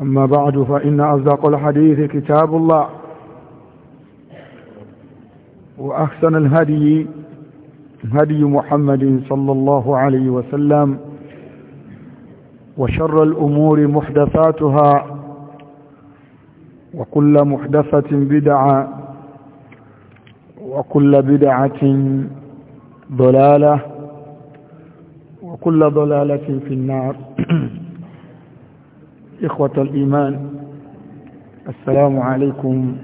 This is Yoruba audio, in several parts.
أما بعد فإن أصدق الحديث كتاب الله وأحسن الهدي هدي محمد صلى الله عليه وسلم وشر الأمور محدثاتها وكل محدثة بدعة وكل بدعة ضلالة وكل ضلالة في النار إخوة الإيمان السلام عليكم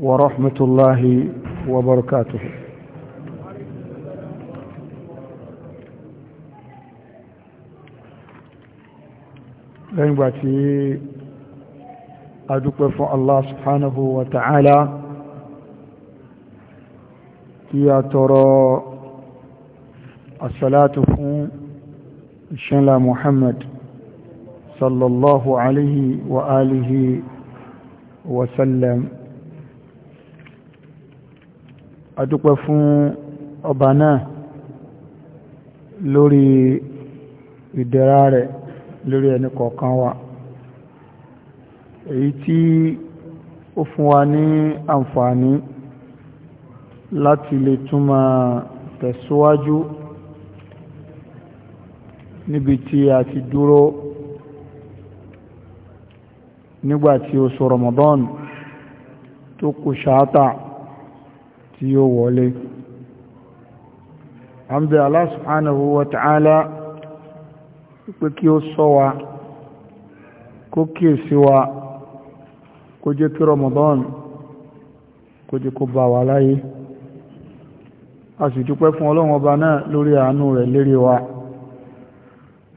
ورحمة الله وبركاته لن باتي أدوك الله سبحانه وتعالى يا ترى الصلاة فون إن محمد صلى الله عليه وآله وسلم adúpẹ́ fún ọba náà lórí ìdẹ̀ra rẹ̀ lórí ẹni kọ̀ọ̀kan wa èyí tí ó fún wa ní àǹfààní láti lè túnmà tẹ̀síwájú níbi tí a ti dúró nígbàtí oṣù Ramadan tó kù ṣáátà tí ó wọlé a ń bẹ Allah subhanahu wa ta'ala pé kí ó ṣọ́ wa kó kíyèsí wa kó jẹ́ kí Ramadan kó jẹ́ kó bá wa láyé a sì dúpẹ́ fún ọlọ́run ọba náà lórí àánú rẹ̀ lérí wa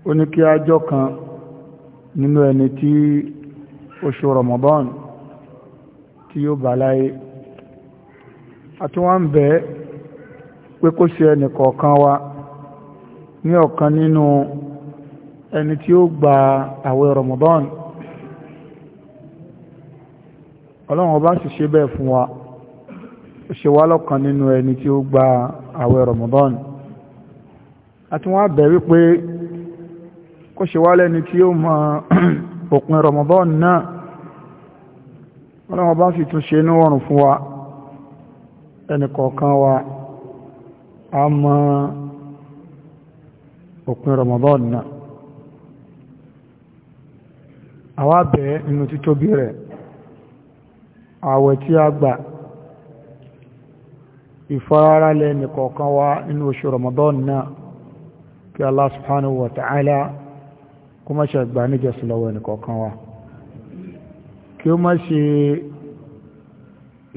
ó ní kí a kan nínú ẹni tí oṣù Ramadan tí yóò bá láyé àtúwọ́n ń bẹ̀ pé kó ṣe ẹnì wa ní ọ̀kan nínú ẹni tí ó gba àwẹ̀ Ramadan ọlọ́run ọba sì ṣe bẹ́ẹ̀ fún wa ó ṣe wá lọ́kan nínú ẹni tí ó gba àwẹ̀ Ramadan àtúwọ́n àbẹ̀ wípé kó ṣe wá lẹ́ni tí ó máa òpin Ramadan náà ọlọ́wọ́ bá fi tún ṣe ní ọrùn fún wa ẹnìkọ̀ọ̀kan wa a mọ́ òpin Ramadan náà àwa bẹ̀ẹ́ inú títóbi rẹ̀ àwẹ̀ tí a gbà ìfararalẹ̀ ẹnìkọ̀ọ̀kan wa inú oṣù Ramadan náà kí Allah subhanahu kó má ṣe àgbà níjọsìn lọ́wọ́ ẹnìkọ̀ọ̀kan wa kí ó má ṣe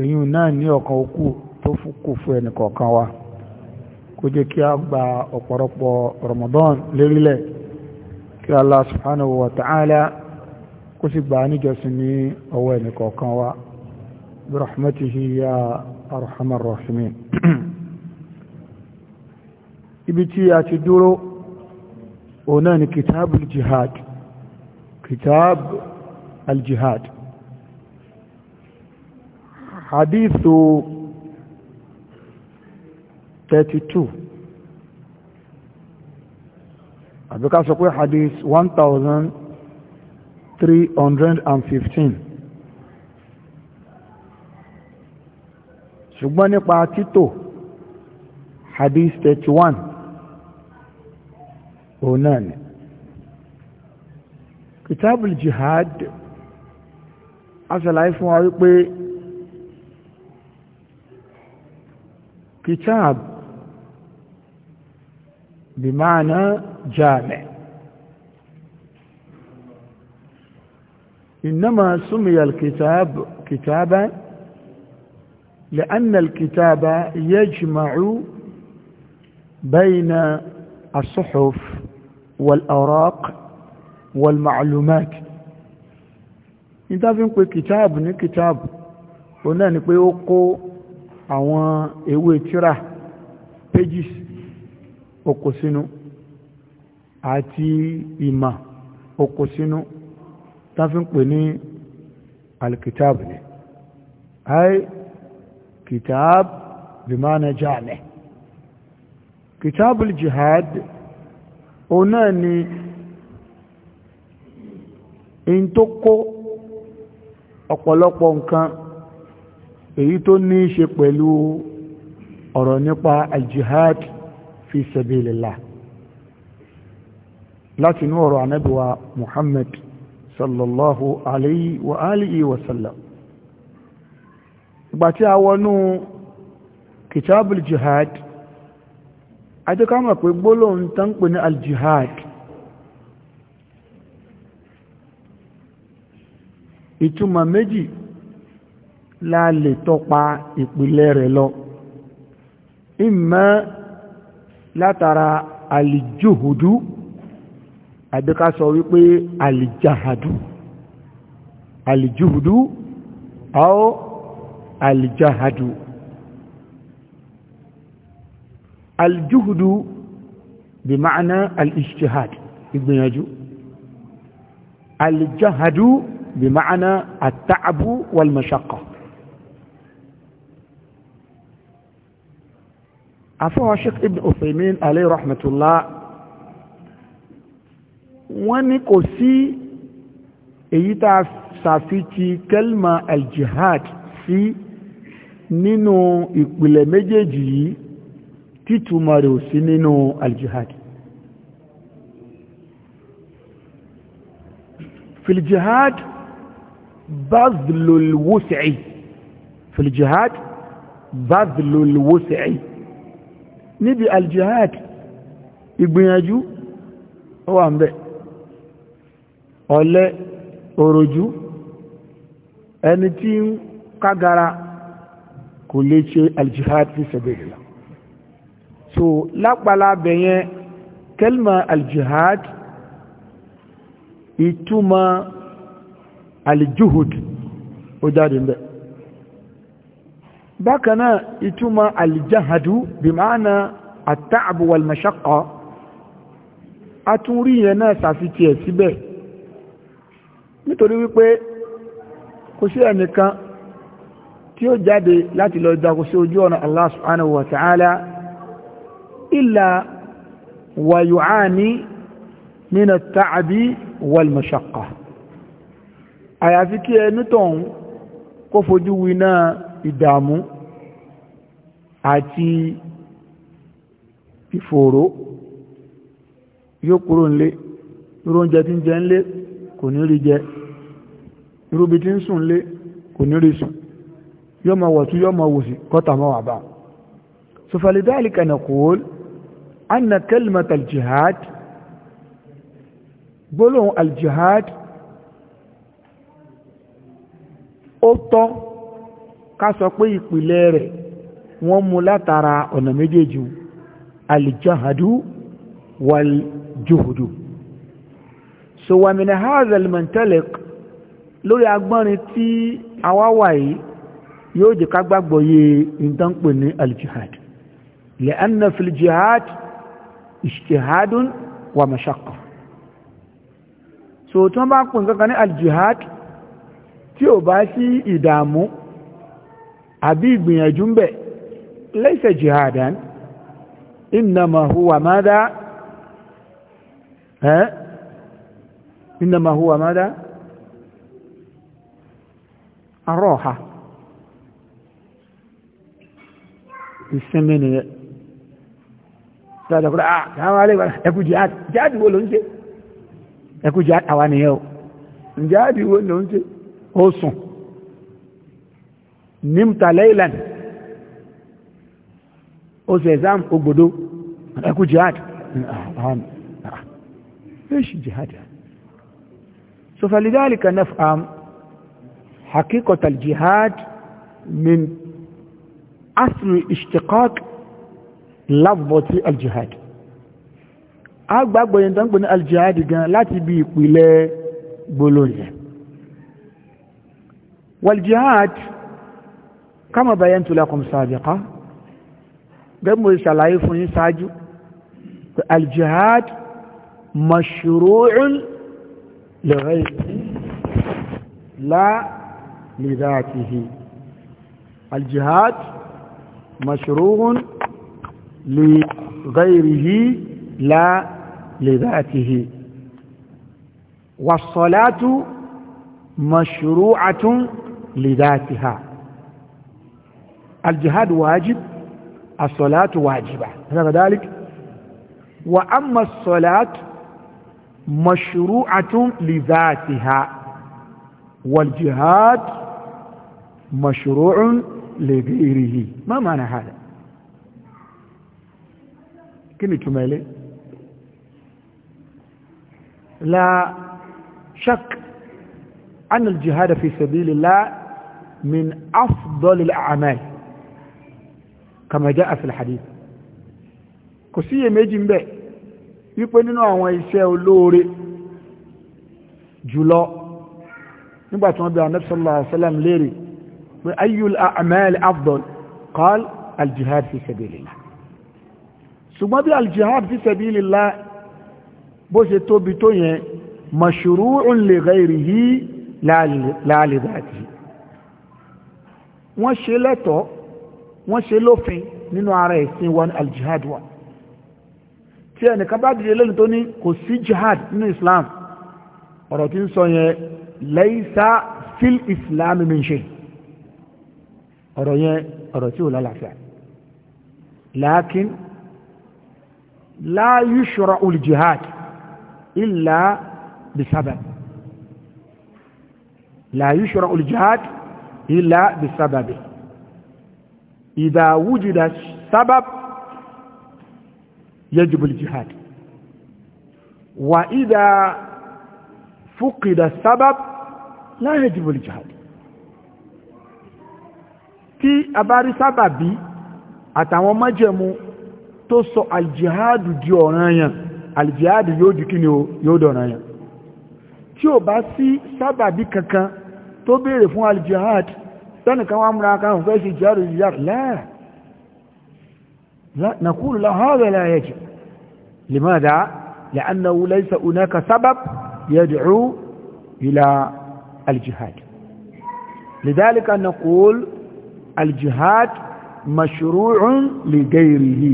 èyí náà ní ọ̀kan okú tó kù fún ẹnìkọ̀ọ̀kan wa kó jẹ́ kí a gba ọ̀pọ̀lọpọ̀ Ramadan lérílẹ̀ kí Allah subhanahu wa ta'ala kó sì gbà níjọsìn ní ọwọ́ ẹnìkọ̀ọ̀kan wa bi rahmatihi ya arhamar rahimin ibi tí a ti dúró òun náà ni kìtàbù jihad kìtàbù aljihad hadithu 32 àbíká sọ pé hadith 1315 ṣùgbọ́n nípa títò hadith 31 هنا كتاب الجهاد أصل عيفو عيقبي كتاب بمعنى جامع إنما سمي الكتاب كتابا لأن الكتاب يجمع بين الصحف والأوراق والمعلومات ìtàfin pé kìtàbù ní kìtàbù o náà ni pé ó kó àwọn ewé tíra pages okò sínú àti ìmà okò sínú tàfin pè ní alkìtàbù ní ay kìtàbù bí máa na jáàlẹ̀ kìtàbù jihad òun náà ni in tó kó ọ̀pọ̀lọpọ̀ nǹkan èyí tó ní í ṣe pẹ̀lú ọ̀rọ̀ nípa al-jihad fi sabilillah láti inú ọ̀rọ̀ anábíwa Muhammad sallallahu alayhi wa alihi wa sallam ìgbà tí a wọnú jihad àti ká mọ̀ pé gbólóhùn tán pè ní aljihad ìtumọ̀ méjì la lè tọpa ìpìlẹ̀ rẹ̀ lọ ìmọ̀ látara alìjòhùdú àbí ká sọ wípé alìjahadú alìjòhùdú àó alìjahadú الجهد بمعنى الاجتهاد ابن يجو الجهد بمعنى التعب والمشقة أفوه الشيخ ابن أثيمين عليه رحمة الله ونكوسي إيتا sàfitì كلمة الجهاد في نينو ìpìlẹ̀ méjèèjì títúmọ̀ rẹ̀ ò sí nínú aljihad filjihad bazlulwusi filjihad bazlulwusi níbi aljihad ìgbìyànjú ó wà ń bẹ̀ ọ̀lẹ òròjú ẹni tí ń kágara kò lè ṣe aljihad fi sabilillah so lápàlá bẹ̀yẹn kẹlma aljihad ìtumọ̀ aljuhud ó jáde ń bẹ̀ bákanáà ìtumọ̀ aljahadu bí máa àtààbù walmashakọ̀ a tún rí yẹn náà sàfitì ẹ̀ síbẹ̀ nítorí wípé kò sí ẹnìkan tí ó jáde láti lọ jagun sí ojú ọ̀nà Allah subhanahu wa ta'ala إلا ويعاني من التعب والمشقة àyàfi kí ẹni tọ̀hún kó fojú winá ìdààmú àti ìfòòró yóò kúrò nílé irú oúnjẹ tí ń jẹ nílé kò ní rí jẹ irú bí tí ń sùn nílé kò ní rí sùn yóò máa wọ̀tún yóò máa wòsì kọ́tà máa wà bá sọfàlìdáàlì kẹ̀nà kòólì anna kalimat aljihad gbólóhùn aljihad ó tọ́ ká sọ pé ìpìlẹ̀ rẹ̀ wọ́n mú látara ọ̀nà méjèèjì aljihadu waljuhudu so wa min hadha almantalik lórí agbọ́nrin tí àwa wà yìí yóò jẹ́ ká gbàgbọ́ yé ìtànpè ní aljihad lẹ́ẹ̀nà filjihad ìṣtìhádùn wà mọ̀ṣàkọ̀ so tí wọ́n bá pè nǹkan ní aljihad tí ò bá sí ìdààmú àbí ìgbìyànjú ń bẹ̀ laysa jihadan innama huwa madha ẹ́ innama huwa madha arọ́ha ìsinmi nìyẹn sọ́dọ̀ kúrò ah káwọn alẹ́ ìgbà ẹkù jihad jihad wo ló ń ṣe ẹkù jihad àwa nìyẹn o jihad wo ló ń ṣe ó sùn nímta lẹ́yìnlá ó sì exam ògbòdo ẹkù jihad ايش ah, جهاد ah, so فلذلك نفهم حقيقة الجهاد من أصل الاشتقاق lábọ̀tí aljihad a gbàgbọ́ yẹn tó ń pè ní aljihad gan láti bí ìpìlẹ̀ gbólóyìn waljihad kama bayan tulakum sabiqa gẹ́gbò ìṣàlàyé fún yí sáájú aljihad mashru'un li ghayrihi la li dhatihi aljihad mashru'un لغيره لا لذاته والصلاة مشروعة لذاتها الجهاد واجب الصلاة واجبة هذا ذلك وأما الصلاة مشروعة لذاتها والجهاد مشروع لغيره ما معنى هذا kí ni túnmọ̀ ilé la shak an al-jihad fi sabilillah min afdal al-a'mal kama jaa fi al-hadith kò sí iye méjì ń bẹ wípé nínú àwọn iṣẹ́ olóore jùlọ nígbàtí wọ́n bí i Ànábì sallallahu alaihi léèrè pé ayyul a'mal afdal qala al-jihad fi sabilillah ṣùgbọ́n bí aljihad fi sabilillah bó ṣe tóbi tó yẹn mashru'un li ghayrihi la li dhati wọ́n ṣe lẹ́tọ̀ wọ́n ṣe lófin nínú ara ẹ̀sìn wọn aljihad wa tí ẹnìkan bá dìde lẹ́nu tó ní kò sí jihad nínú islam ọ̀rọ̀ tí ń sọ yẹn laysa fil islam min shay ọ̀rọ̀ yẹn ọ̀rọ̀ tí ò lálàáfíà lákín la yushra ul jihad illa bisabab la yushra ul jihad illa bisabab idha wujida sabab yajibu al jihad wa idha fuqida sabab la yajibu al jihad tí a bá rí sábàbí àtàwọn májẹ̀mú tó sọ aljihadu di ọ̀ranyàn aljihadu yóò di kí ni yóò dọ̀ranyàn tí ò bá sí sábàbí kankan tó béèrè fún aljihad tẹ́nìkan wá múra kan fẹ́ sí jihadu jihad láà nàkúrù láhọ́rẹ̀ láyẹ̀jì لماذا؟ لأنه ليس هناك سبب يدعو إلى الجهاد لذلك نقول الجهاد مشروع لغيره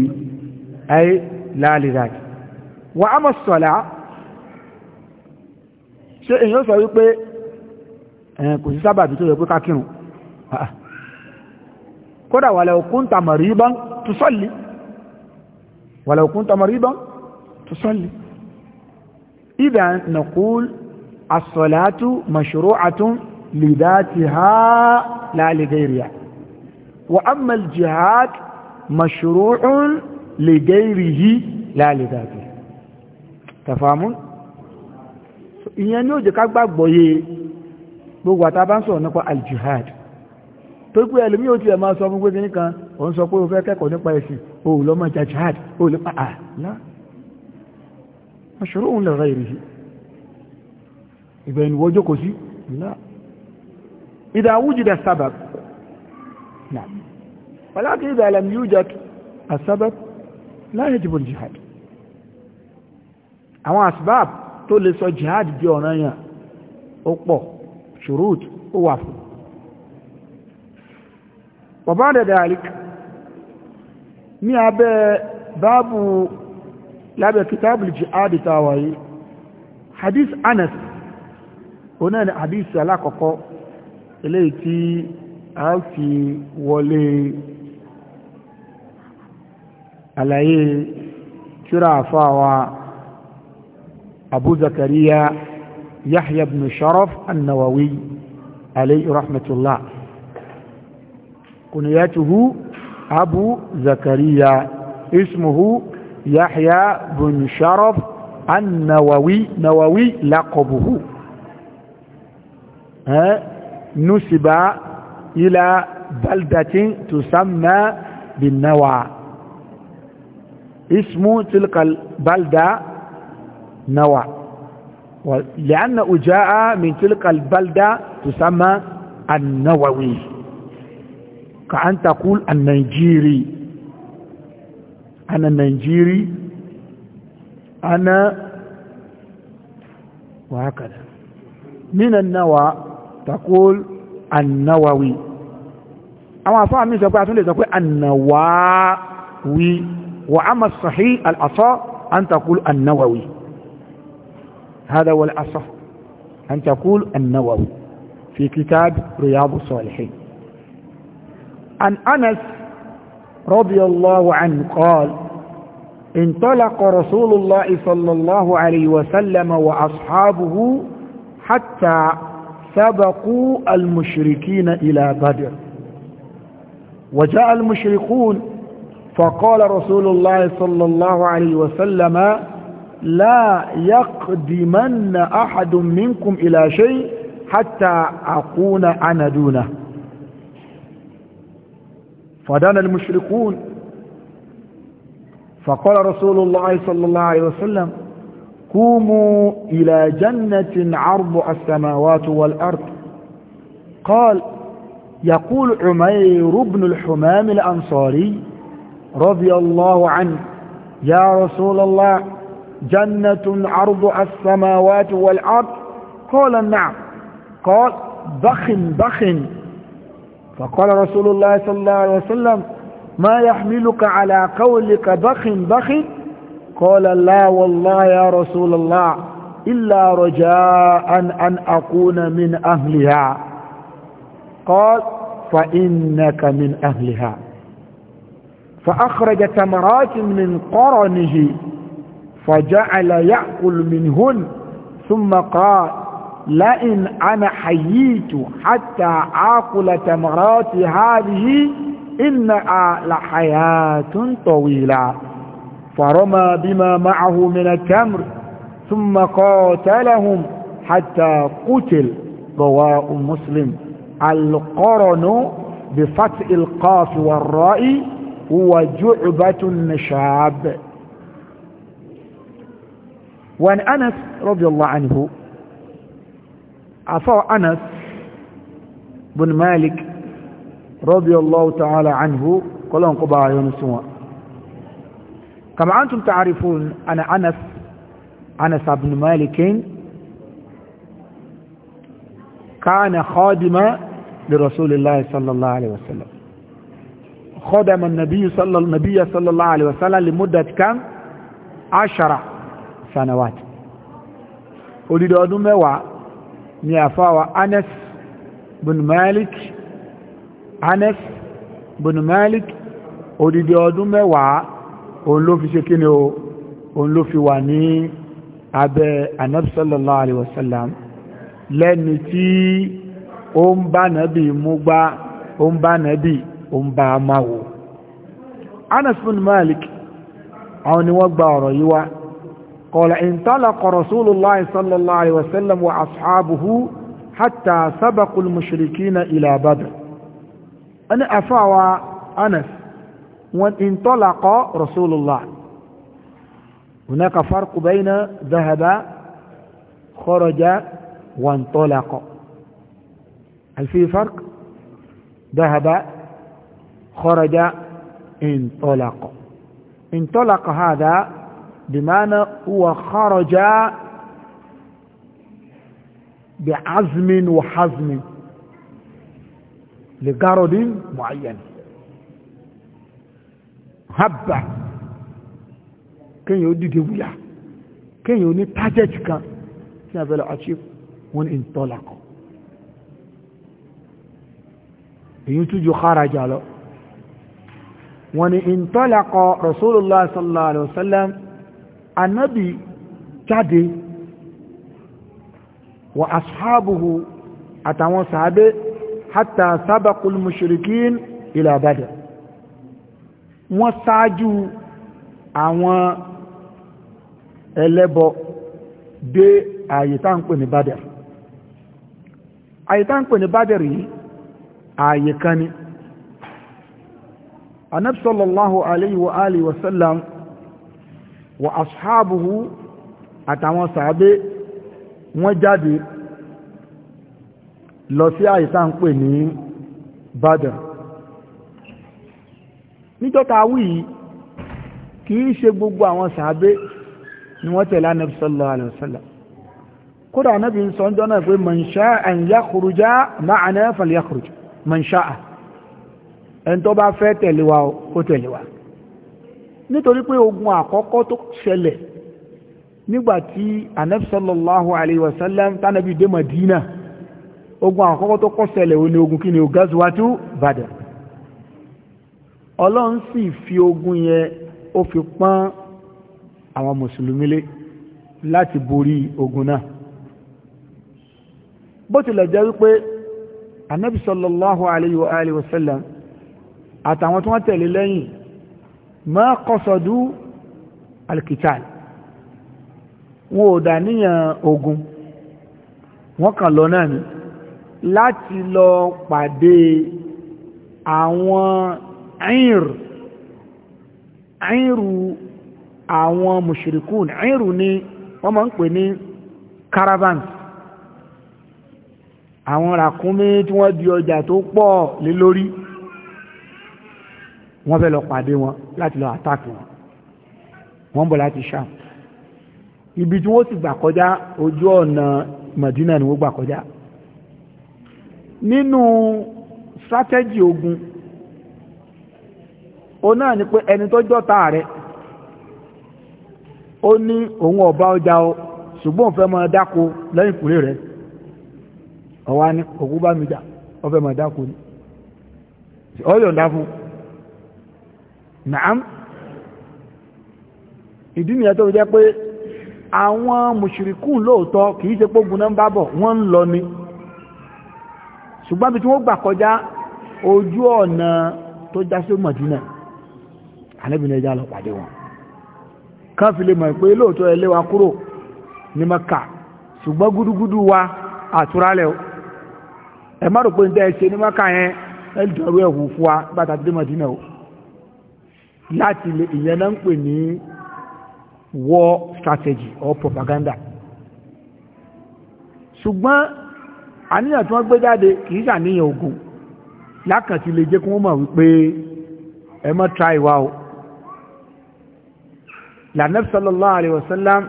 أي لا لذلك وأما الصلاة ṣe èyàn sọ wípé ẹ̀yìn kò sí sábàbí tó yẹ pé kákírùn ah, ah. kódà walau kunta mariban tusalli walau kunta mariban tusalli idhan naqul as-salatu mashru'atun li dhatiha la li ghayriha wa amma al-jihad mashru'un لغيره لا لذاته تفهمون ìyẹn ní òjò ká gbàgbọ́yé gbogbo àtàbá ń sọ̀rọ̀ nípa aljihad tó pé ẹlùmí ò ti ẹ̀ máa sọ fún gbé nìkan o ń sọ pé o fẹ́ kẹ́kọ̀ọ́ nípa ẹ̀sìn o ò lọ́mọ ìjà jihad o lè pa àlá aṣòro òun lọ́rọ̀ ìrìsì ìbẹ̀yìn wọ́n jókòó sí ìdá wújìdà sábàb wàlákì ìdá àlàmì yújàd láyé jìbò jihad àwọn asbab tó lè sọ jihad di ọ̀ranyàn ó pọ̀ ṣùrùt ó wà fún bàbá dẹ̀dẹ̀ àrík ní abẹ́ báàbù lábẹ́ kìtàbùl jihad tàwàyé hadith anas onáà ni hadith alákọ̀ọ́kọ́ eléyìí tí a fi wọlé àlàyé kira fawa abu zakariya yahya ibn sharaf annawawi alayhi rahmatullah kunyatuhu abu zakariya ismuhu yahya ibn sharaf annawawi nawawi laqabuhu نسب إلى بلدة تسمى بالنوى اسمه تلك البلدة نوى لأنه جاء من تلك البلدة تسمى النووي كأن تقول النيجيري أنا النيجيري أنا وهكذا من النوى تقول النووي أما فهم يسأل أن النواوي وعما الصحيح الأصح أن تقول النووي هذا هو الأصح أن تقول النووي في كتاب رياض الصالحين عن أنس رضي الله عنه قال انطلق رسول الله صلى الله عليه وسلم وأصحابه حتى سبقوا المشركين إلى بدر وجاء المشركون فقال رسول الله صلى الله عليه وسلم لا يقدمن أحد منكم إلى شيء حتى أكون أنا دونه فدان المشركون فقال رسول الله صلى الله عليه وسلم قوموا إلى جنة عرض السماوات والأرض قال يقول عمير بن الحمام الأنصاري رضي الله عنه يا رسول الله جنة عرض السماوات والأرض قال نعم قال بخ بخ فقال رسول الله صلى الله عليه وسلم ما يحملك على قولك بخ بخ قال لا والله يا رسول الله إلا رجاء أن أكون من أهلها قال فإنك من أهلها فأخرج تمرات من قرنه فجعل يأكل منهن ثم قال لئن أنا حييت حتى آكل تمرات هذه إنها لحياة طويلة فرمى بما معه من التمر ثم قاتلهم حتى قتل ضواء مسلم القرن بفتح القاف والراء هو جعبة النشاب وعن أنس رضي الله عنه عفوا أنس بن مالك رضي الله تعالى عنه كلهم لهم قبعة يونسوا كما أنتم تعرفون أنا أنس أنس بن مالك كان خادما لرسول الله صلى الله عليه وسلم خدم النبي صلى النبي صلى الله عليه وسلم لمدة كم عشر سنوات أريد أن أموى نعفاوى بن مالك أنس بن مالك أريد أن أموى òun ló fi ṣe kí ni o òun ló fi wà ní abẹ́ anabi sallallahu alaihi wasallam lẹ́ni ó ń bá a máa wò Anas bin Malik àwọn ni wọ́n gba ọ̀rọ̀ yìí wá قال انطلق رسول الله صلى الله عليه وسلم وأصحابه حتى سبقوا المشركين إلى بدر أنا أفاوى أنس وانطلق رسول الله هناك فرق بين ذهب خرج وانطلق هل في فرق ذهب خرج انطلق انطلق هذا بمعنى هو خرج بعزم وحزم لغرض معين هبة كان يودي دويا كان يوني تاجج كان هذا العشيف وان انطلق يوتيو خرج له wọ́n ní intalaqa rasulullah sallallahu alaihi wasallam anabi jáde wa ashabuhu àtàwọn sàábé hatta sabaqul mushrikin ila Badr wọ́n sáájú àwọn ẹlẹ́bọ dé àyètá ń pè ní Badr àyètá ń pè ní Badr yìí àyè kan ni anabi sallallahu alayhi wa alihi wa sallam wa ashabuhu àtàwọn sàábé wọ́n jáde lọ sí àìsá ń pè ní Badr níjọ́ta wí kìí ṣe gbogbo àwọn sàábé ni wọ́n tẹ̀lé anabi sallallahu alayhi wa sallam kódà anabi sọ́njọ́ náà pé man sha'a an ma'ana fal yakhruj man ẹni tó bá fẹ́ tẹ̀lé wa ó tẹ̀lé wa nítorí pé ogun àkọ́kọ́ tó ṣẹlẹ̀ nígbàtí Ànábì sallallahu alayhi wa sallam tánàbí dé Madina ogun àkọ́kọ́ tó kọ́ ṣẹlẹ̀ ó ní ogun kí ni Gazwatu Badr Ọlọ́run sì fi ogun yẹn ó fi pán àwọn mùsùlùmí lé láti borí ogun náà bó tilẹ̀ jẹ́ wípé Ànábì sallallahu àtàwọn tí wọ́n tẹ̀lé lẹ́yìn ma kọsọ̀dú alkital wọn ò dà níyàn ogun wọ́n kàn lọ náà ni láti lọ pàdé àwọn ẹ̀yìnrù ẹ̀yìnrù àwọn mushrikun ẹ̀yìnrù ni wọ́n máa ń pè ní caravan àwọn ràkúnmí tí wọ́n di ọjà tó pọ̀ lé lórí wọ́n fẹ́ lọ pàdé wọn láti lọ àtàkì wọn wọ́n bọ̀ láti ṣáà ibi tí wọ́n sì gbà kọjá ojú ọ̀nà Madina ni wọ́n gbà kọjá nínú strategy ogun o náà ni pé ẹni tó jọ́ta rẹ̀ ó ní òun ọba ọjà o ṣùgbọ́n òun fẹ́ máa dáko lẹ́yìn kúrè rẹ̀ ọ̀wá ní òkú bá mi jà ó fẹ́ máa dáko ni ọ̀yọ̀ǹda fún un naam ìdí nìyẹn tó jẹ́ pé àwọn mùṣìríkù lóòótọ́ kìí ṣe pógun náà ń bábọ̀ wọ́n ń lọ ni ṣùgbọ́n bí tí wọ́n gbà kọjá ojú ọ̀nà tó já sí Mọ̀dínà alẹ́bìnrin pàdé wọn kan fi lè mọ̀ pé lóòótọ́ ẹlé wa kúrò ní Mẹ́kà ṣùgbọ́n gúdúgúdú wa àtúrálẹ̀ ẹ má rò pé ń tẹ́ ṣe ní Mẹ́kà yẹn ẹ dọ̀rọ̀ ẹ̀hù fún wa bàtà dé Mọ̀dínà o láti lè ìyẹn náà ń pè ní war strategy or propaganda ṣùgbọ́n àníyàn tí wọ́n gbé jáde kìí ṣàníyàn ogun lákàntí lè jẹ́ kí wọ́n mọ̀ wípé ẹ má try wa o lànàbí sallallahu alayhi wa sallam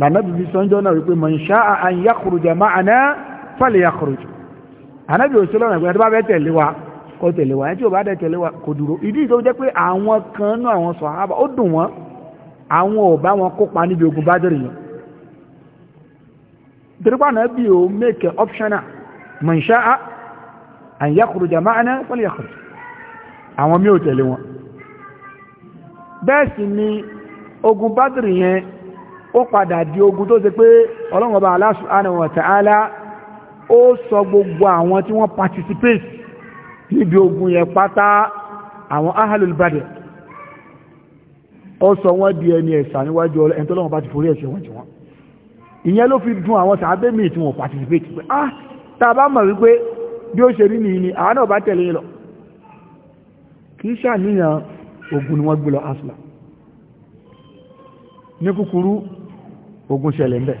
lànàbí bí sọ́njọ́ náà wípé man sha'a an yakhruja ma'ana falyakhrij ànábì òṣèlú ọ̀nà ìgbẹ́ tó bá kó tẹ̀lé wa ẹtí ò bá dẹ̀ tẹ̀lé wa kò dúró ìdí ìtò jẹ́ pé àwọn kan nú àwọn sọ̀hábà ó dùn wọ́n àwọn ò wọn kópa níbi ogun Badr yẹn dirpa na bi o make optional man sha'a an yakhruja ma'ana fal yakhruj àwọn mi ò tẹ̀lé wọn bẹ́ẹ̀ sì ni ogun Badr yẹn ó padà di ogun tó ṣe pé Ọlọ́run Ọba Allah subhanahu wa ó sọ gbogbo àwọn tí wọ́n participate níbi ogun yẹn pátá àwọn ahalul badr ó sọ wọ́n di ẹni ẹ̀sà níwájú ọlọ́ ẹni tọ́lọ́wọ́n bá ti forí ẹ̀ṣẹ̀ wọn jì wọ́n ìyẹn ló fi dùn àwọn sàábẹ́ tí wọ́n participate pé ah tá a bá mọ̀ wípé bí ó ṣe rí nìyí ni àwọn náà bá tẹ̀lé lọ kì í ṣàníyàn ogun ni wọ́n gbé lọ asla ní kúkúrú ogun ṣẹlẹ̀ ń bẹ̀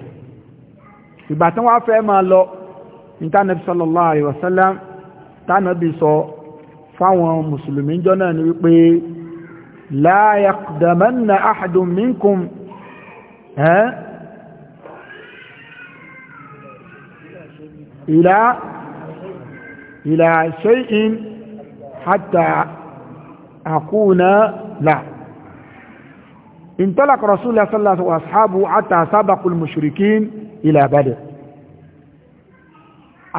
ìgbà tí wọ́n fẹ́ máa lọ intanẹ́tì sallallahu alayhi wa tánàbí sọ fáwọn mùsùlùmí jọ náà ni wípé la yaqdamanna ahadun minkum ila ila shay'in hatta akuna la انطلق رسول الله صلى الله عليه وسلم واصحابه حتى سبقوا المشركين الى بدر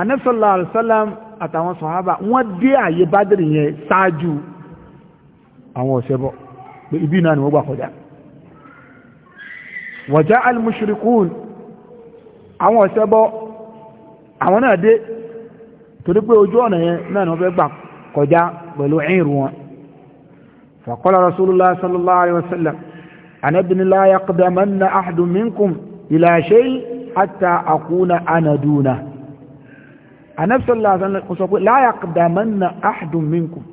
النبي الله عليه àtàwọn sọ̀hábà wọ́n dé àyè bádìrì yẹn ṣáájú àwọn ọ̀ṣẹ́bọ̀ pé ibi náà ni wọ́n gbà kọjá wọ̀já al-mushrikun àwọn ọ̀ṣẹ́bọ̀ àwọn náà dé torí pé ojú ọ̀nà yẹn náà ni wọ́n fẹ́ gbà kọjá pẹ̀lú ẹ̀rù wọn faqala rasulullah sallallahu alayhi wa anẹ́bísọ́lá àtàlẹ́kùn sọ pé láyàkùdàmọ́nà áàdùnmínkùn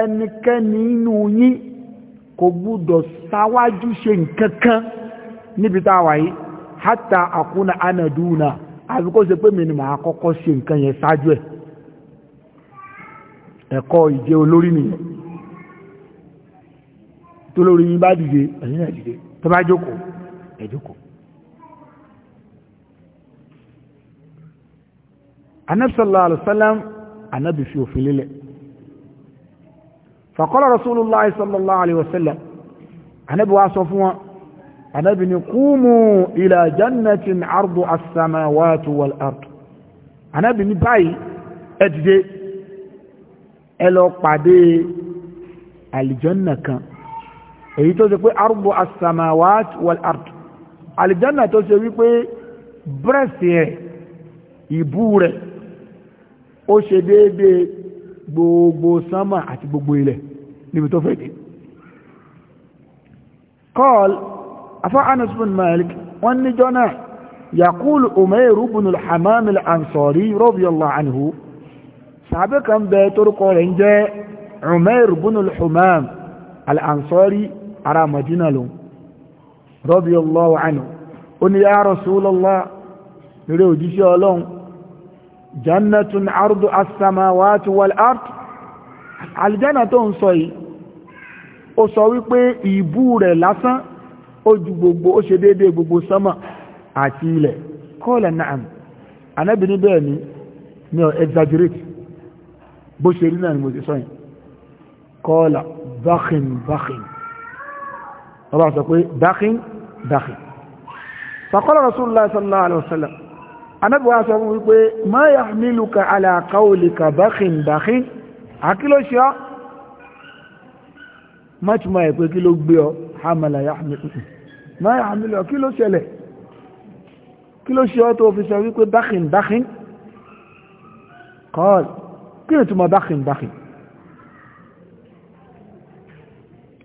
ẹnikẹ́ni inú yín kò gbúdọ̀ sáwájú ṣe nkankan hátà àkúnà ánàdúnà àbí kó pé mi ni màá kọ́kọ́ ṣe nkan yẹn ṣáájú ẹ̀ ẹ̀kọ́ ìjẹ́ olórí nìyẹn tó lórí yín bá dìde ẹ̀yin náà dìde tó bá jókòó ẹ anabi sallallahu alaihi wasallam anabi fi òfin lélẹ̀ faqala rasulullah sallallahu alaihi wasallam anabi wa sọ fún wọn anabi ni qumu ila jannatin ardu as-samawati wal ard anabi ni báyìí ẹ dìde ẹ lọ pàdé aljanna kan èyí tó ṣe pé ardu as-samawati wal ard aljanna tó ṣe wípé brẹ́sì rẹ̀ ìbú rẹ̀ ó ṣe déédéé gbogbo sánmà àti gbogbo ilẹ̀ níbi tó fẹ́ dé kọ́ọ̀l afọ́ Anas bin Malik wọ́n ní jọ́nà yakul umair ibn al-hamam al-ansari radiyallahu anhu sahabe kan bẹ torúkọ rẹ̀ ń jẹ́ umair ibn al-hamam al-ansari ara madina lọ radiyallahu anhu ó ní ya rasulallah rẹ̀ òjíṣẹ́ ọlọ́run jannatun ardu as-samawati wal ard aljana tó ń sọ yìí ó sọ wípé ìbú rẹ̀ lásán ó ju gbogbo ó ṣe déédéé gbogbo sánmà àti ilẹ̀ kọ́ọ̀lẹ̀ na'am anábì ní bẹ́ẹ̀ ni mi ò exaggerate bó ṣe rí náà ni mo ti sọ yìí kọ́ọ̀lẹ̀ bákin bákin sọ pé bákin bákin faqala rasulullah sallallahu alaihi wasallam anábíwá sọ fún wípé ma yahmiluka ala qawlika bákin bákin àkílò ṣe ọ́ mọ́túnmọ́ ẹ̀ pé kí ló gbé ọ hamala yahmiluka ma yahmiluka kí ló ṣẹlẹ̀ kí ló ṣe ọ́ tó fi sọ wípé bákin bákin kọ́ọ̀l kí ni túmọ̀ bákin bákin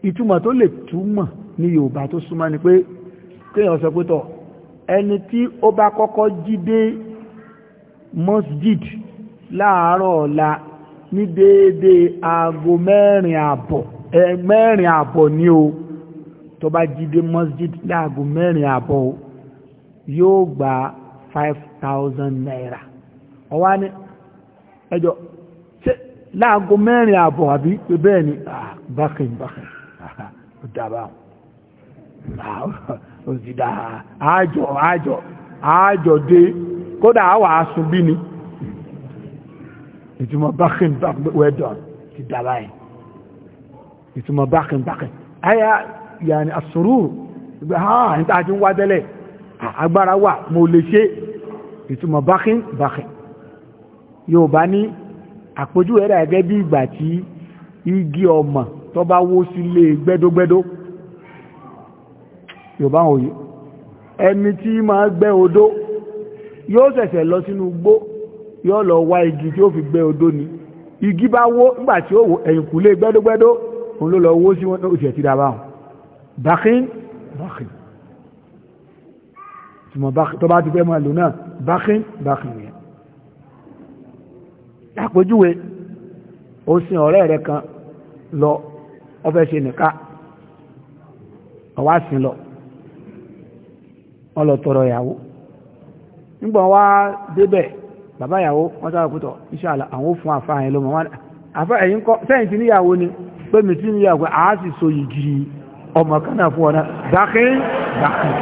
ìtumọ̀ tó lè túmọ̀ ní Yorùbá tó súnmọ́ ni pé kéèyàn sọ pé tọ́ ẹni tí ó bá kọ́kọ́ jí dé mosjid láàárọ̀ ọ̀la ní déédéé aago mẹ́rin àbọ̀ ẹ mẹ́rin àbọ̀ ni o tó bá jí dé mosjid láago mẹ́rin àbọ̀ o yóò gba five thousand naira ọwá ní ẹjọ́ ṣe láago mẹ́rin àbọ̀ àbí bẹ́ẹ̀ ni ah, bákìn bákìn dábàá ó sì dá àjọ àjọ àjọ dé kódà àwà asun bí ni ìtumọ̀ bákin wẹ́dọ̀n ti dára ẹ̀ ìtumọ̀ bákin bákin ayá yàní àsùrù ìgbẹ̀ ha ní tàà tí ń wá tẹ́lẹ̀ agbára wà mo lè ṣe ìtumọ̀ bákin bákin yóò bá ní àpójú ẹ̀rẹ̀ gẹ́gẹ́ bí ìgbà tí igi ọmọ tó bá wó sílé gbẹ́dógbẹ́dó yorùbá òye ẹni tí máa gbẹ́ odó yóò ṣẹ̀ṣẹ̀ lọ sínú igbó yóò lọ wá igi tí ó fi gbẹ́ odó ni igi bá wó nígbà tí ó wò ẹ̀yìnkùlé gbẹ́dógbẹ́dó òun ló lọ wó sí wọn oṣù ẹ̀tì dábà hàn bákin bákin tó bá ti fẹ́ máa lò náà bákin bákin yẹn àpèjúwe ó sin ọ̀rẹ́ rẹ̀ kan lọ ó fẹ́ ṣe nìka ó wá sin lọ wọ́n lọ tọrọ ìyàwó nígbà wá débẹ̀ bàbá ìyàwó wọ́n sára pútọ̀ inshallah àwọn fún àfáà yẹn ló mọ̀ wọ́n àfá ẹ̀yìn kọ́ sẹ́yìn tí níyàwó ni pé mi tí níyàwó àá sì so yìgì ọmọ kan fún ọ̀nà dákín dákín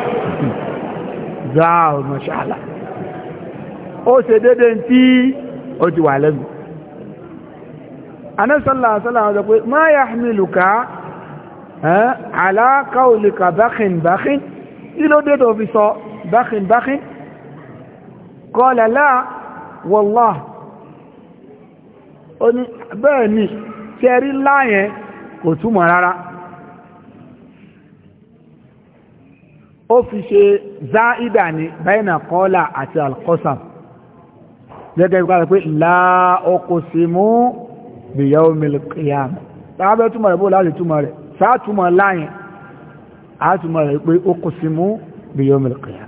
kí ló dé tó fi sọ bákin bákin kọ́lá láà wọ́lá bẹ́ẹ̀ ni tẹ́rí láyẹn kò túmọ̀ rárá ó fi ṣe záìdà ní bẹ́ẹ̀nà kọ́lá àti alkọ́sàm gẹ́gẹ́ bí pé láà ọkọ̀ sí mú bìyàwó mìlìkìyàmù tàbí túmọ̀ rẹ̀ rẹ̀ àtùmọ̀ rẹ̀ pé ó kò sí mú bí yóò mìlìkì yá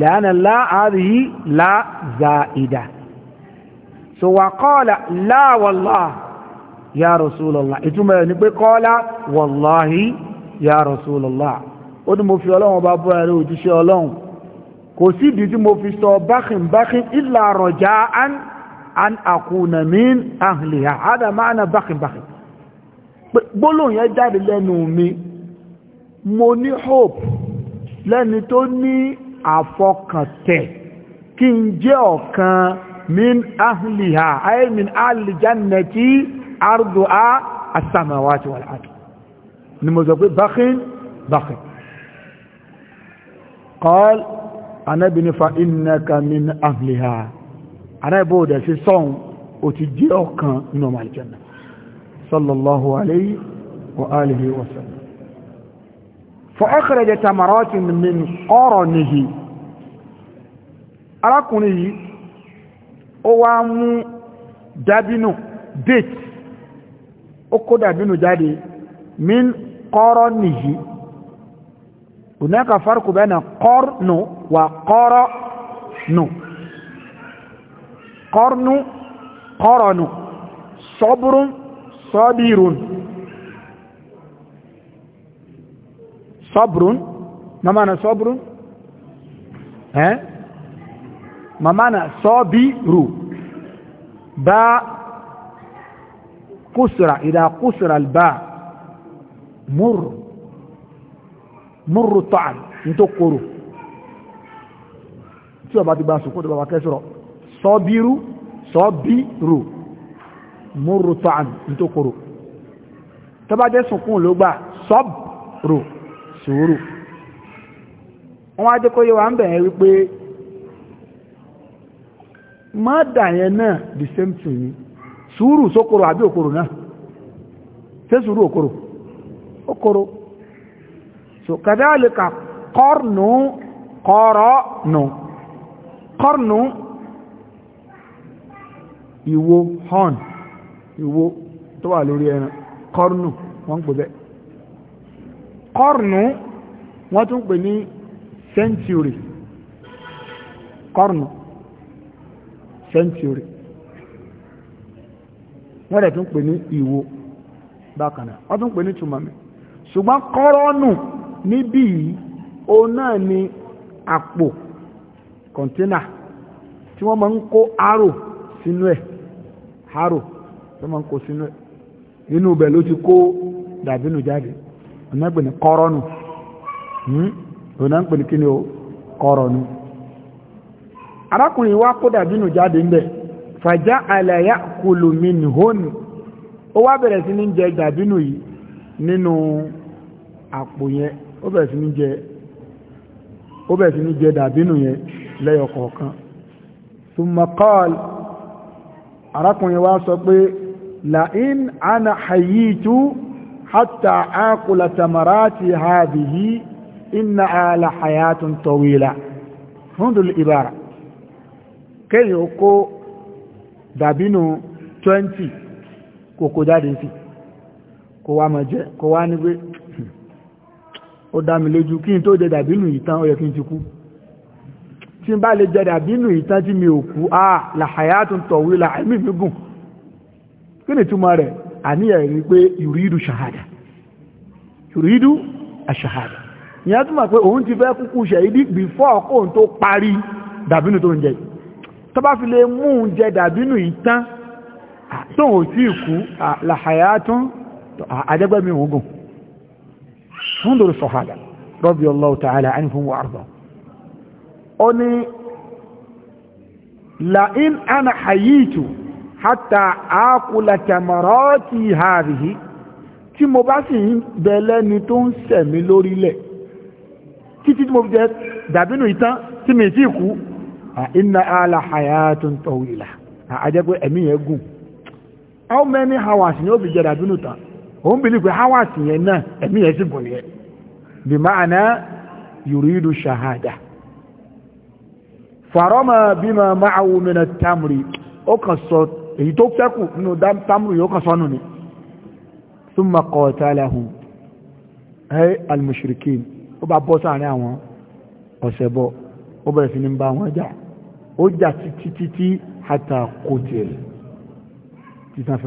lẹ́yìn láàárí yìí láàzà ìdá so wà kọ́ọ̀lá láàwọ̀lá ya rasulallah ìtumọ̀ rẹ̀ ni pé kọ́ọ̀lá wọ̀láhí ya rasulallah ó ní mo fi ọlọ́run bá bọ́ ẹ̀rẹ́ òjíṣẹ́ ọlọ́run kò sí ìdí tí mo fi sọ bákin bákin ìlà rọ̀já an an àkùnà min ahliya hada ma'ana bákin bákin gbólóhùn yẹn jáde lẹ́nu mi mo ní hope lẹ́ni tó ní àfọkàntẹ̀ kí n jẹ́ ọ̀kan min ahliha ay min ahli jannati arduha as-samawati wal ardi ni mo sọ pé bakhin bakhin qal anabi ni fa innaka min ahliha anabi o de si o ti jẹ́ ọ̀kan nínú ọmọ sallallahu alayhi wa alihi wa sallam فأخرج تمرات من قرنه arákùnrin yìí ó wá mú dábínù date ó kó dábínù jáde min qarnihi hunaka farqu bayna qarnu wa qarnu qarnu qarnu sabrun sabirun صبر ما معنى صبر ها ما معنى صابر باء قسرة إذا قسر الباء مر مر الطعن نتقر tí ọba ti gba sùkú tó bá wà kẹsìrọ̀ sọ́bírú sọ́bírú múrùtọ́ àmì nítòkòrò tó bá jẹ́ sùkún ló gbà sọ́bírú sùúrù wọ́n á jẹ́ kó yé wa ń bẹ̀rẹ̀ wípé mọ́dà yẹn náà the same thing ni sùúrù sókòrò àbí òkòrò náà ṣé sùúrù òkòrò òkòrò so kàdáàlìkà kọ́rùnù kọ́rọ̀nù kọ́rùnù ìwo horn ìwo tó wà lórí ẹran kọ́rùnù wọ́n ń bẹ́ẹ̀ kọ́rùnù wọ́n tún pè ní sẹ́ńtúrì kọ́rùnù sẹ́ńtúrì wọ́n rẹ̀ tún pè ní ìwo bákanà wọ́n tún pè ní tùmọ̀mí ṣùgbọ́n kọ́rọ́nù níbí o náà ni àpò kọ̀ntínà tí wọ́n máa ń kó arò sínú ẹ̀ arò tí wọ́n máa ń kó sínú ẹ̀ inú ibẹ̀ ló ti kó dàbínú jáde ọ̀nàgbè ní kọ́rọ́nù ọ̀nàgbè hmm? ní kí ni ó kọ́rọ̀nù arákùnrin wá kó dàbínù jáde ń bẹ̀ fàjá àlàyé kùlù minhónù ó wá bẹ̀rẹ̀ sí ní jẹ dàbínù yìí nínú àpò yẹn ó bẹ̀rẹ̀ sí ní jẹ ó bẹ̀rẹ̀ yẹn lẹ́yọ arákùnrin wá sọ pé la'in ana hayitu hatta akula tamarati hadhihi inna ala hayatun tawila hundul ibara kéyàn kó dàbínú 20 kòkó jáde sí kò wá mọ̀ jẹ́ kò wá ní pé ó dá mi lójú kí n tó jẹ dàbínú ìtàn ó yẹ kí n ti kú tí n bá lè jẹ dàbínú ìtàn tí mi ò kú ah làhàyà tó ń tọ̀wé làhàmì mi gùn kí ni túmọ̀ rẹ̀ àníyàn rí pé yùrídù ṣàhádà yùrídù àṣàhádà ìyá túnmà pé òun ti fẹ́ kúkú ṣẹ̀yìdì before kóhun tó parí dàbínú tó ń jẹ tó fi lè mú un jẹ dàbínú ìtàn tóhun sí ìkú làhàyà tún àjẹ́gbẹ́mi fún dòrò ṣàhádà radiyallahu ta'ala la'in ana hata akula tamarati hadhihi tí mo ba si sì ń bẹ lẹ́ni tó ń lori lórílẹ̀ títí ti mo fi jẹ dàbínú ìtàn tí mi ti kú inna ala hayatun tawila je pe emi yẹn gun how many hours ni o fi jẹ dàbínú tán òun bìlí pé hours yẹn náà ẹ̀mí yẹn sì gùn yẹn bí ma'ana yuridu shahada farama bima ma'ahu min at-tamri o kàn so èyí tó fẹ́kù nínú tamuru yóò kan sọ́nù ni thumma qatalahum ay al-mushrikin ó bá bọ́ sáàrin àwọn ọ̀sẹ̀ bọ́ ó bẹ̀rẹ̀ sí ní bá wọn jà ó jà títí títí hatta qutil títàn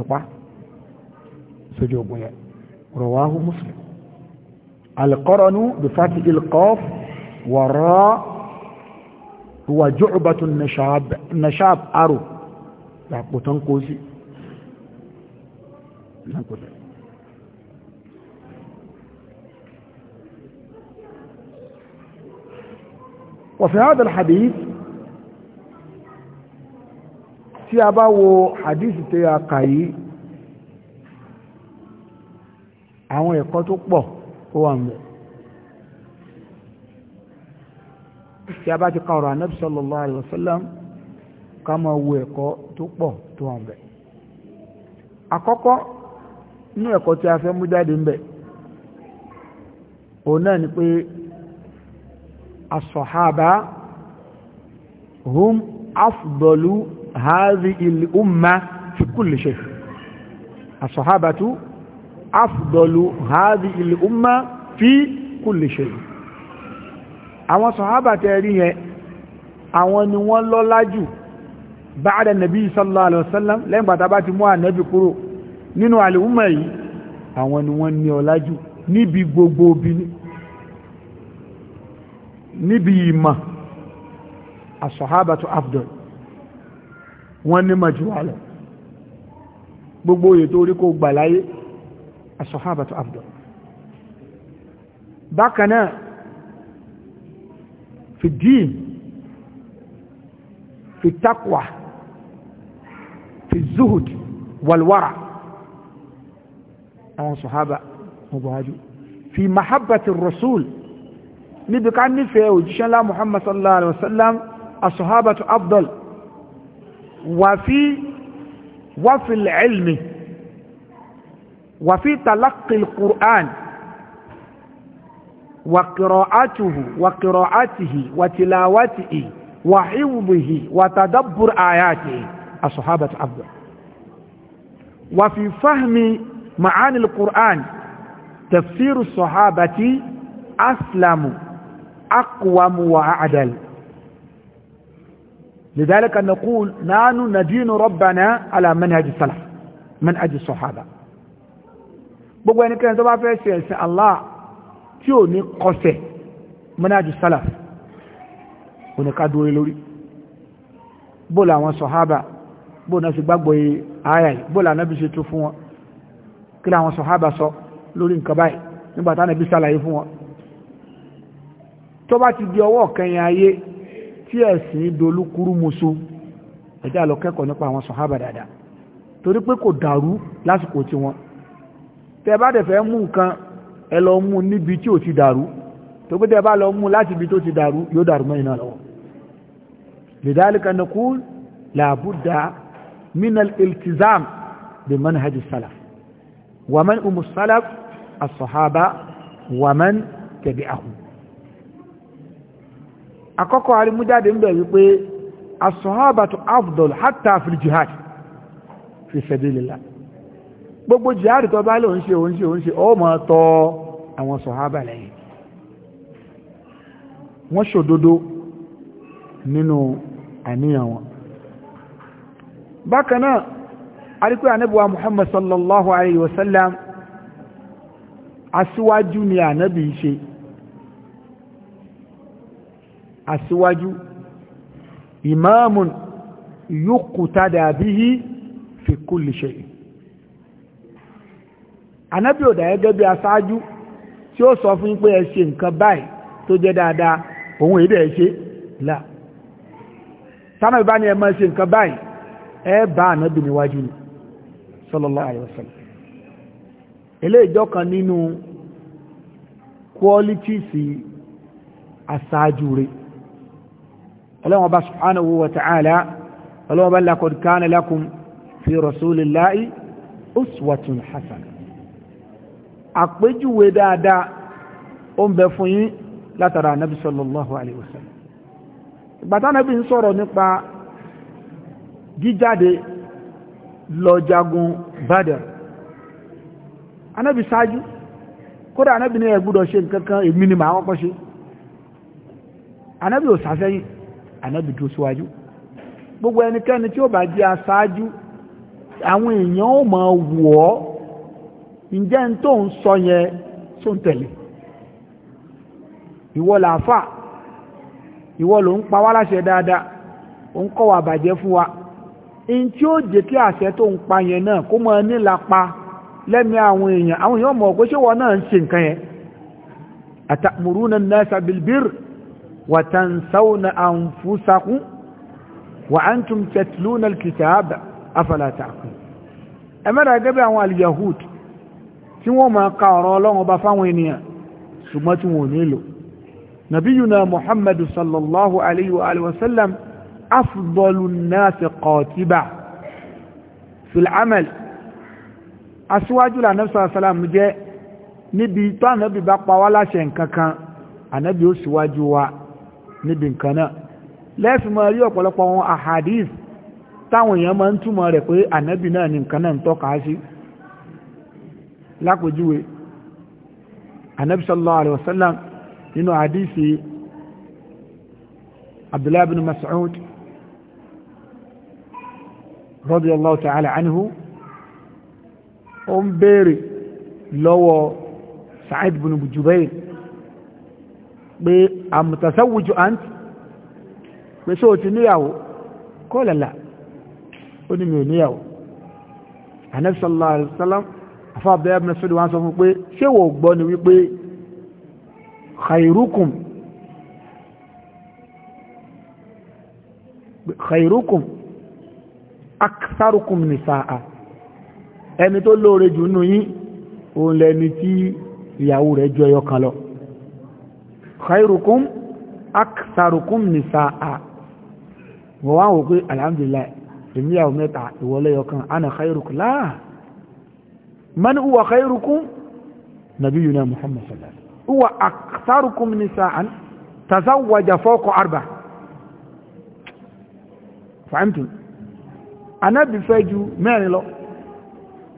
nashab aro làpò tán kó sí وفي هذا الحديث tí a bá wo hadisi tí a kà yìí àwọn ẹ̀kọ́ tó pọ̀ ó wà mẹ́ tí a bá ti ka ọ̀rọ̀ sallallahu alaihi wasallam ká máa wo ẹ̀kọ́ tó pọ̀ tó hàn bẹ̀. àkọ́kọ́ nínú ẹ̀kọ́ tí a fẹ́ mú jáde ń bẹ̀ òun náà ni pé as-sahaba hum afdalu hadhihi al-umma fi kulli shay as-sahabatu afdalu hadhihi al-umma fi kulli shay àwọn sahaba tẹ́ rí yẹn àwọn ni wọ́n lọ́lá jù báàdà nàbí sallallahu alaihi wasallam lẹ́yìn gbàtà bá ti mú ànábì kúrò nínú àlùmọ̀ yìí àwọn ni wọ́n ní ọlájú níbi gbogbo bí níbi ìmọ̀ asọ̀hábàtú afdal wọ́n ní màjúwàlọ̀ gbogbo òye tó rí kó gbà láyé asọ̀hábàtú afdal bákanáà fi dín في الزهد والورع أما صحابة مبهجو في محبة الرسول نبقى نفعه جشان الله محمد صلى الله عليه وسلم الصحابة أفضل وفي وفي العلم وفي تلقي القرآن وقراءته وقراءته وتلاوته وحفظه وتدبر آياته as-sahabatu afdal wa fi fahmi ma'ani al-qur'an tafsiru as-sahabati aslamu aqwamu wa a'dal لذلك نقول نحن ندين ربنا على منهج السلف منهج الصحابه gbogbo ẹnikẹ́ni tó bá fẹ́ ṣe ẹ̀sìn Allah tí ò ní kọsẹ̀ mọ́nájú sálàf oníkádúrí lórí bóòlù àwọn sọ̀hábà bóò na sì gbàgbọ́ yìí ààyà yìí bóò lànà bí ṣe tó fún wọn kí làwọn sọ̀hábà sọ lórí nǹkan báyìí nígbà táwọn ẹbí sàlàyé fún wọn tó bá ti di ọwọ́ kẹyìn ayé tí ẹ̀sìn dolúkúrú musu ẹ̀já lọ kẹ́kọ̀ọ́ nípa àwọn sọ̀hábà dáadáa torí pé kò dàrú lásìkò tí wọn tẹ bá dẹ̀ fẹ́ mú nǹkan ẹ lọ mú níbi tí ò ti dàrú tó pé tẹ bá lọ mú láti ibi tó ti dàrú yóò dàrú mọ́ iná lọ́wọ́ lidhalika naqul la budda من الالتزام بمنهج السلف ومن أم السلف الصحابة ومن تبعهم akọ́kọ́ arimújáde ń bẹ̀ wípé asọ́hábàtò afdol hatta fil jihad fi sabilillah gbogbo jihad tó bá lè ń ṣe òun ṣe òun ṣe ó máa tọ àwọn sọ̀hábà lẹ́yìn wọ́n ṣòdodo nínú àníyàn wọn bákan náà arípé ànábíwá muhammad sallallahu alayhi wa sallam aṣíwájú ni ànábì ṣe aṣíwájú imamun yuqtada bihi fi kulli shay ànábì ò dà gẹ́gẹ́ bí aṣáájú tí ó sọ fún pé ẹ ṣe nǹkan báyìí tó jẹ́ dáadáa òun èdè ẹ ṣe là tánàbí bá ní ẹ máa ṣe nǹkan báyìí ẹ bá ànábì níwájú ni sallallahu alaihi wasallam ilé ìjọ kan nínú kwọ́lítìsì asáájú rẹ̀ ọlọ́wọ́n bá subhanahu wa ta'ala ọlọ́wọ́n bá laqad kana lakum fi rasulillahi uswatun hasana àpéjúwe dáadáa ó ń bẹ fún yín látara ànábì sallallahu alaihi wasallam ìgbàtánàbí ń sọ̀rọ̀ nípa jíjáde lọ jagun Badr anábi sáájú kódà anábi ní ẹgbúdọ̀ ṣe nkankan èmi ni màá kọ́kọ́ ṣe anábi ò sásẹ́yìn anábi tó síwájú gbogbo ẹnikẹ́ni tí ó bá jẹ́ aṣáájú àwọn èèyàn ó máa wò ọ́ ǹjẹ́ ń tó ń sọ yẹn tó ń tẹ̀lé ìwọ làáfà ìwọ ló ń pa wá láṣẹ dáadáa ó ń kọ́ wa bàjẹ́ fún wa in tí ó jẹ́ kí àṣẹ tó ń pa yẹn náà kó mọ nílapa lẹ́mí àwọn èèyàn àwọn èèyàn mọ̀ pé ṣé wọ́n náà ń ṣe nǹkan yẹn àtàmùrúnà nasa bilbir wa tansawna anfusakum wa antum tatluna alkitaba afala ta'qilun ẹ mẹ́ta gẹ́gẹ́ àwọn alyahud tí أفضل الناس قاتبة في العمل aṣíwájú la anabi sallallahu alaihi wasallam jẹ́ níbi tó anabi bá pa wá láṣẹ nǹkan kan anabi ó ṣíwájú wa níbi nǹkan náà lẹ́sìn mọ́ rí ọ̀pọ̀lọpọ̀ àwọn ahadith táwọn èèyàn máa ń túmọ̀ rẹ̀ pé anabi náà ni nǹkan náà ń tọ́ka sí lápòjúwe anabi sallallahu alaihi wasallam nínú hadithi abdullahi bin mas'ud radiyallahu ta'ala anhu ó ń béèrè lọ́wọ́ Sa'id bin Jubayr pé àmùtàsáwùjú àǹtì pé só ti níyàwó kọ́lẹ̀lá ó ní mi ò níyàwó Ànábì sallallahu alaihi wasallam afọ́ abẹ́ ẹbùn sọ́dọ̀ wọ́n sọ fún pé ṣé wò gbọ́ ni wípé khairukum khairukum aksarukum nisaa ẹni tó lóore jù nù yín òun lẹni tí ìyàwó rẹ̀ ju ẹyọ kan lọ khairukum aksarukum nisaa wọ́n wá wò pé alhamdulillah èmi yàwó mẹ́ta ìwọlé yọkan ana khairukum láà man huwa khairukum nabiyuna muhammad sallallahu alaihi wasallam huwa aksarukum nisaan tazawwaja fawqa arba fahimtum anábì fẹ́ ju mẹ́rin lọ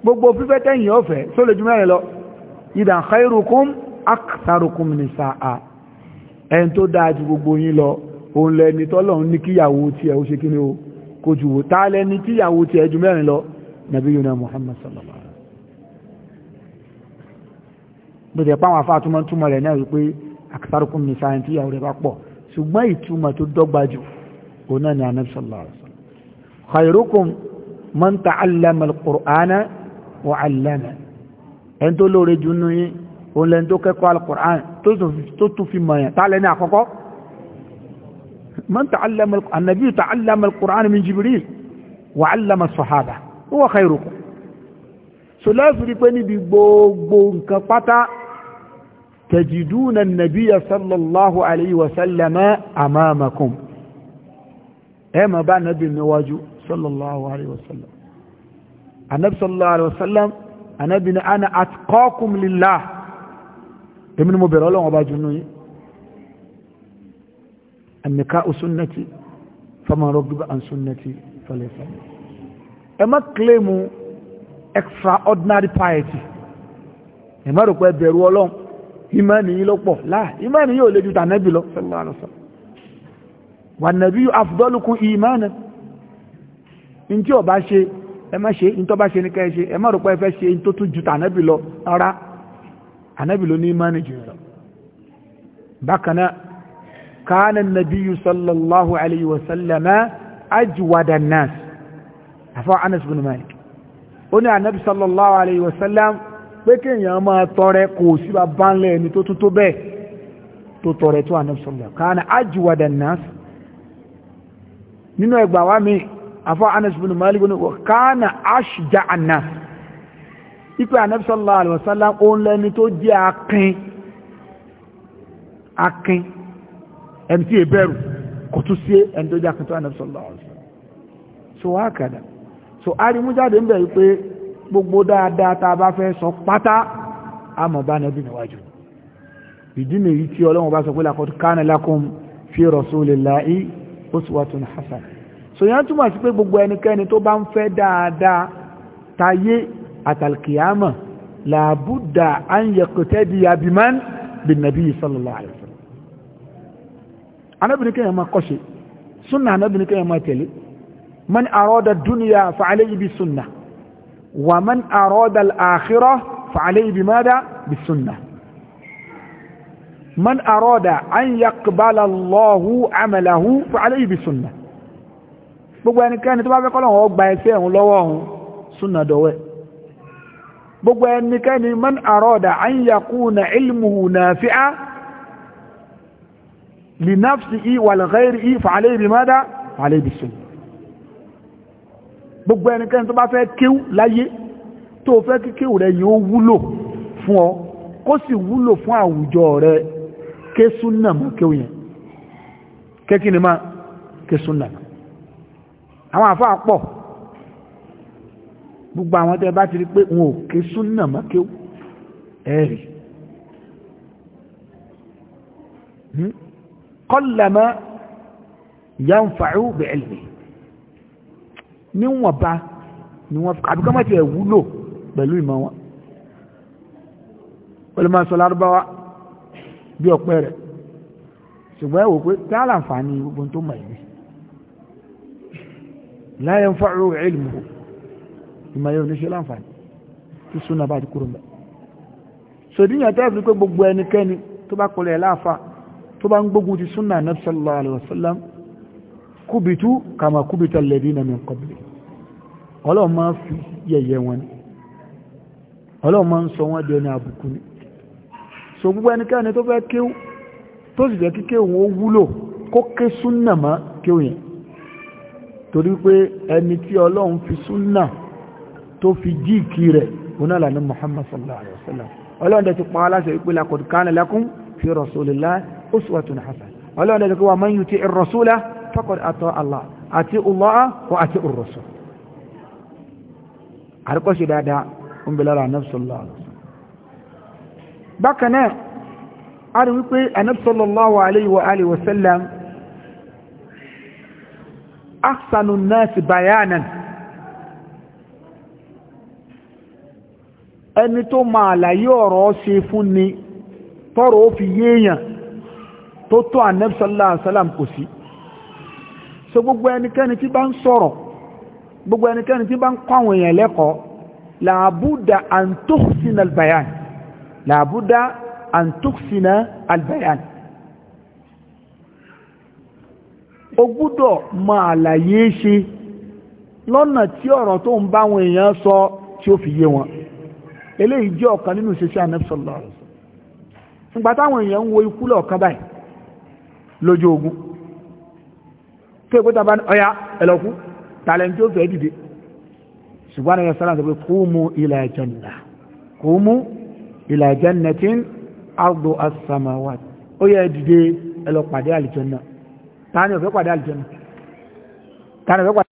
gbogbo fífẹ́ tẹ́yìn ọ̀fẹ́ tó lè ju mẹ́rin lọ ìdàn khairukum aktharukum a, ẹn tó dáa ju gbogbo yín lọ òun lẹni tọ́lọ́run ní kíyàwó tiẹ̀ ó ṣe kí ni o kò jù wò tá lẹni kíyàwó tiẹ̀ ju mẹ́rin lọ nabiyuna muhammad sallallahu alaihi wasallam bó jẹ́ pàwọn afáàtúmọ̀ túmọ̀ rẹ̀ náà wípé aktharukum nisaa ẹni tíyàwó rẹ̀ bá pọ̀ ṣùgbọ́n ìtumọ̀ tó dọ́gba jù òun náà ni anabi sallallahu alaihi wasallam خيركم من تعلم القرآن وعلمه ان لو له رجنوه قل لن القرآن توت في مايا تعالينا أخوكو من تعلم النبي تعلم القرآن من جبريل وعلم الصحابة هو خيركم سلاف ريباني ببوغون كفتا تجدون النبي صلى الله عليه وسلم أمامكم ايما بقى نبي مواجه sallallahu alayhi wa sallam anabi sallallahu alayhi wa sallam anabi ni ana atqakum lillah èmi ni mo bẹ̀rẹ̀ ọlọ́run ọba junu yìí annika usunnati faman rogba an sunnati falefa ẹ má extraordinary piety ẹ má rò pé bẹ̀rù ọlọ́run ìmánì yìí lọ́pọ̀ láà ìmánì yìí ò lè ju tànẹ́bì lọ sallallahu alayhi wa sallam afdalukum ìmánì ní tí ọba ṣe ẹ má ṣe ní tó bá ṣe ní ká ẹ ṣe ẹ má rò pé ẹ fẹ́ ṣe ní tó tún ju tànábì lọ rárá ànábì ló ní ìmánì jù lọ bákan náà kánà nàbíyù sallallahu alayhi wa sallam ajwada nas afọ anas bin malik ó ní ànábì sallallahu alayhi wa sallam pé kéèyàn máa tọrẹ kò sí bàbá ńlẹ̀ ẹni tó tún tó bẹ́ẹ̀ tó tọrẹ tó ànábì sallallahu kánà ajwada nas nínú ẹgbàá mi afa anas bin malik bin kana ashja annas ipe anabi sallallahu alaihi wasallam ó lẹ́ni tó jẹ́ akin akin ẹni tí ìbẹ̀rù kò tún sí ẹni tó jẹ́ akin tó anabi sallallahu alaihi wasallam so wá kàdà so arimújáde ń bẹ̀ wípé gbogbo dáadáa tá a bá fẹ́ sọ pátá a mọ̀ bá nàbí níwájú ìdí nìyí tí ọlọ́run bá sọ pé laqad kana lakum fi rasulillahi uswatun hasanah sòyàn túmọ̀ sí pé gbogbo ẹnikẹ́ni tó bá ń fẹ́ dáadáa tayé àtàlkìyàmà làbúdà à ń yẹkọtẹ́ di abimán bin nabi sallallahu alayhi wa sallam anábìnrin kẹ́yàn máa kọ́ṣe súnà anábìnrin kẹ́yàn máa tẹ̀lé gbogbo ẹnikẹ́ni tó bá fẹ́ kọ́lọ̀wọ́ gba ẹ̀ṣẹ̀ ẹ̀hún lọ́wọ́ ọ̀hún súnà dọ̀wẹ́ gbogbo ẹnikẹ́ni man àrọ́dà an yakuna ilmuhu nafi'a li nafsihi wal ghairihi fa alayhi bi mada fa alayhi bi sunna gbogbo àwọn àfáà pọ̀ gbogbo àwọn tẹ́ bá ti rí pé wọn ò ké súnà mọ́kéw ẹ̀rì hmm? kọ́lẹ̀mọ́ ìyá ń fàáhù bẹ̀ẹ̀lẹ̀ níwọ̀nba ni wọ́n àbíkọ́ mọ́ ti ẹ̀ wúlò pẹ̀lú ìmọ̀ wọn olùmọ̀ sọ lárúbáwá bí ọ̀pẹ́ rẹ̀ ṣùgbọ́n ẹ̀wò pé tí á láǹfààní gbogbo tó mọ̀ ìgbé لا yanfa'u علمه ìmọ̀ yóò ní ṣe láǹfààní بعد súnà bá ti kúrò mẹ́ sòdíyàn tẹ́ fi pé gbogbo ẹnikẹ́ni tó bá kọlẹ̀ láàfà tó bá ń gbógun ti súnà nabi sallallahu alaihi wasallam kúbitú kama kúbitú alladina min qabli ọlọ́run máa fi yẹ̀yẹ̀ wọn ni ọlọ́run máa ń sọ wọ́n di ẹni àbùkù ni so gbogbo ẹnikẹ́ni tó fẹ́ kéw tó sì fẹ́ kí kéw wọn wúlò kó ké súnà má kéw yẹn torí pé ẹni tí ọlọ́run fi súnà tó fi jíìkì rẹ̀ onáàlànà muhammad sallallahu alaihi wasallam ọlọ́run dẹ̀ ti pa aláṣẹ ìpé laqad kana lakum fi rasulillahi uswatun hasana ọlọ́run dẹ̀ ti wà man yuti ar-rasula faqad ata Allah àti Allah wa àti ar-rasul àríkọ́ṣe dáadáa ń bẹ a rí wípé Ànábì sallallahu alaihi wa ahsanu nasi bayanan ẹni tó máa àlàyé ọ̀rọ̀ ṣe fún ni tọ́rọ ó fi yéèyàn tó tó ànábì sallallahu alaihi wasallam kò sí so gbogbo ẹnikẹ́ni tí bá ń sọ̀rọ̀ gbogbo ẹnikẹ́ni tí bá ń kọ́ àwọn èèyàn lẹ́kọ̀ọ́ làbúdà àǹtóksínà albayan làbúdà àǹtóksínà albayan o gbúdọ̀ mọ àlàyé ṣe lọ́nà tí ọ̀rọ̀ tó ń bá wọn èèyàn sọ tí ó fi yé wọn eléyìí jẹ́ ọ̀kan nínú ìṣẹ́ṣẹ́ anẹ́bùsọ̀lọ́ ìgbà táwọn èèyàn ń wo ikú lọ̀ọ̀kan báyìí lójú ogun kí èkó tàbá ní ọya ẹlọ́kú tààlẹ̀ ó fẹ́ dìde ṣùgbọ́n ẹ̀yẹ sára sọ pé kúmù ila janna kúmù ila jannatin ardu as-samawat ó yẹ dìde ẹlọ́pàdé àlìjọ náà tani òfẹ́ pàdé àlùjẹ́nà tani òfẹ́ pàdé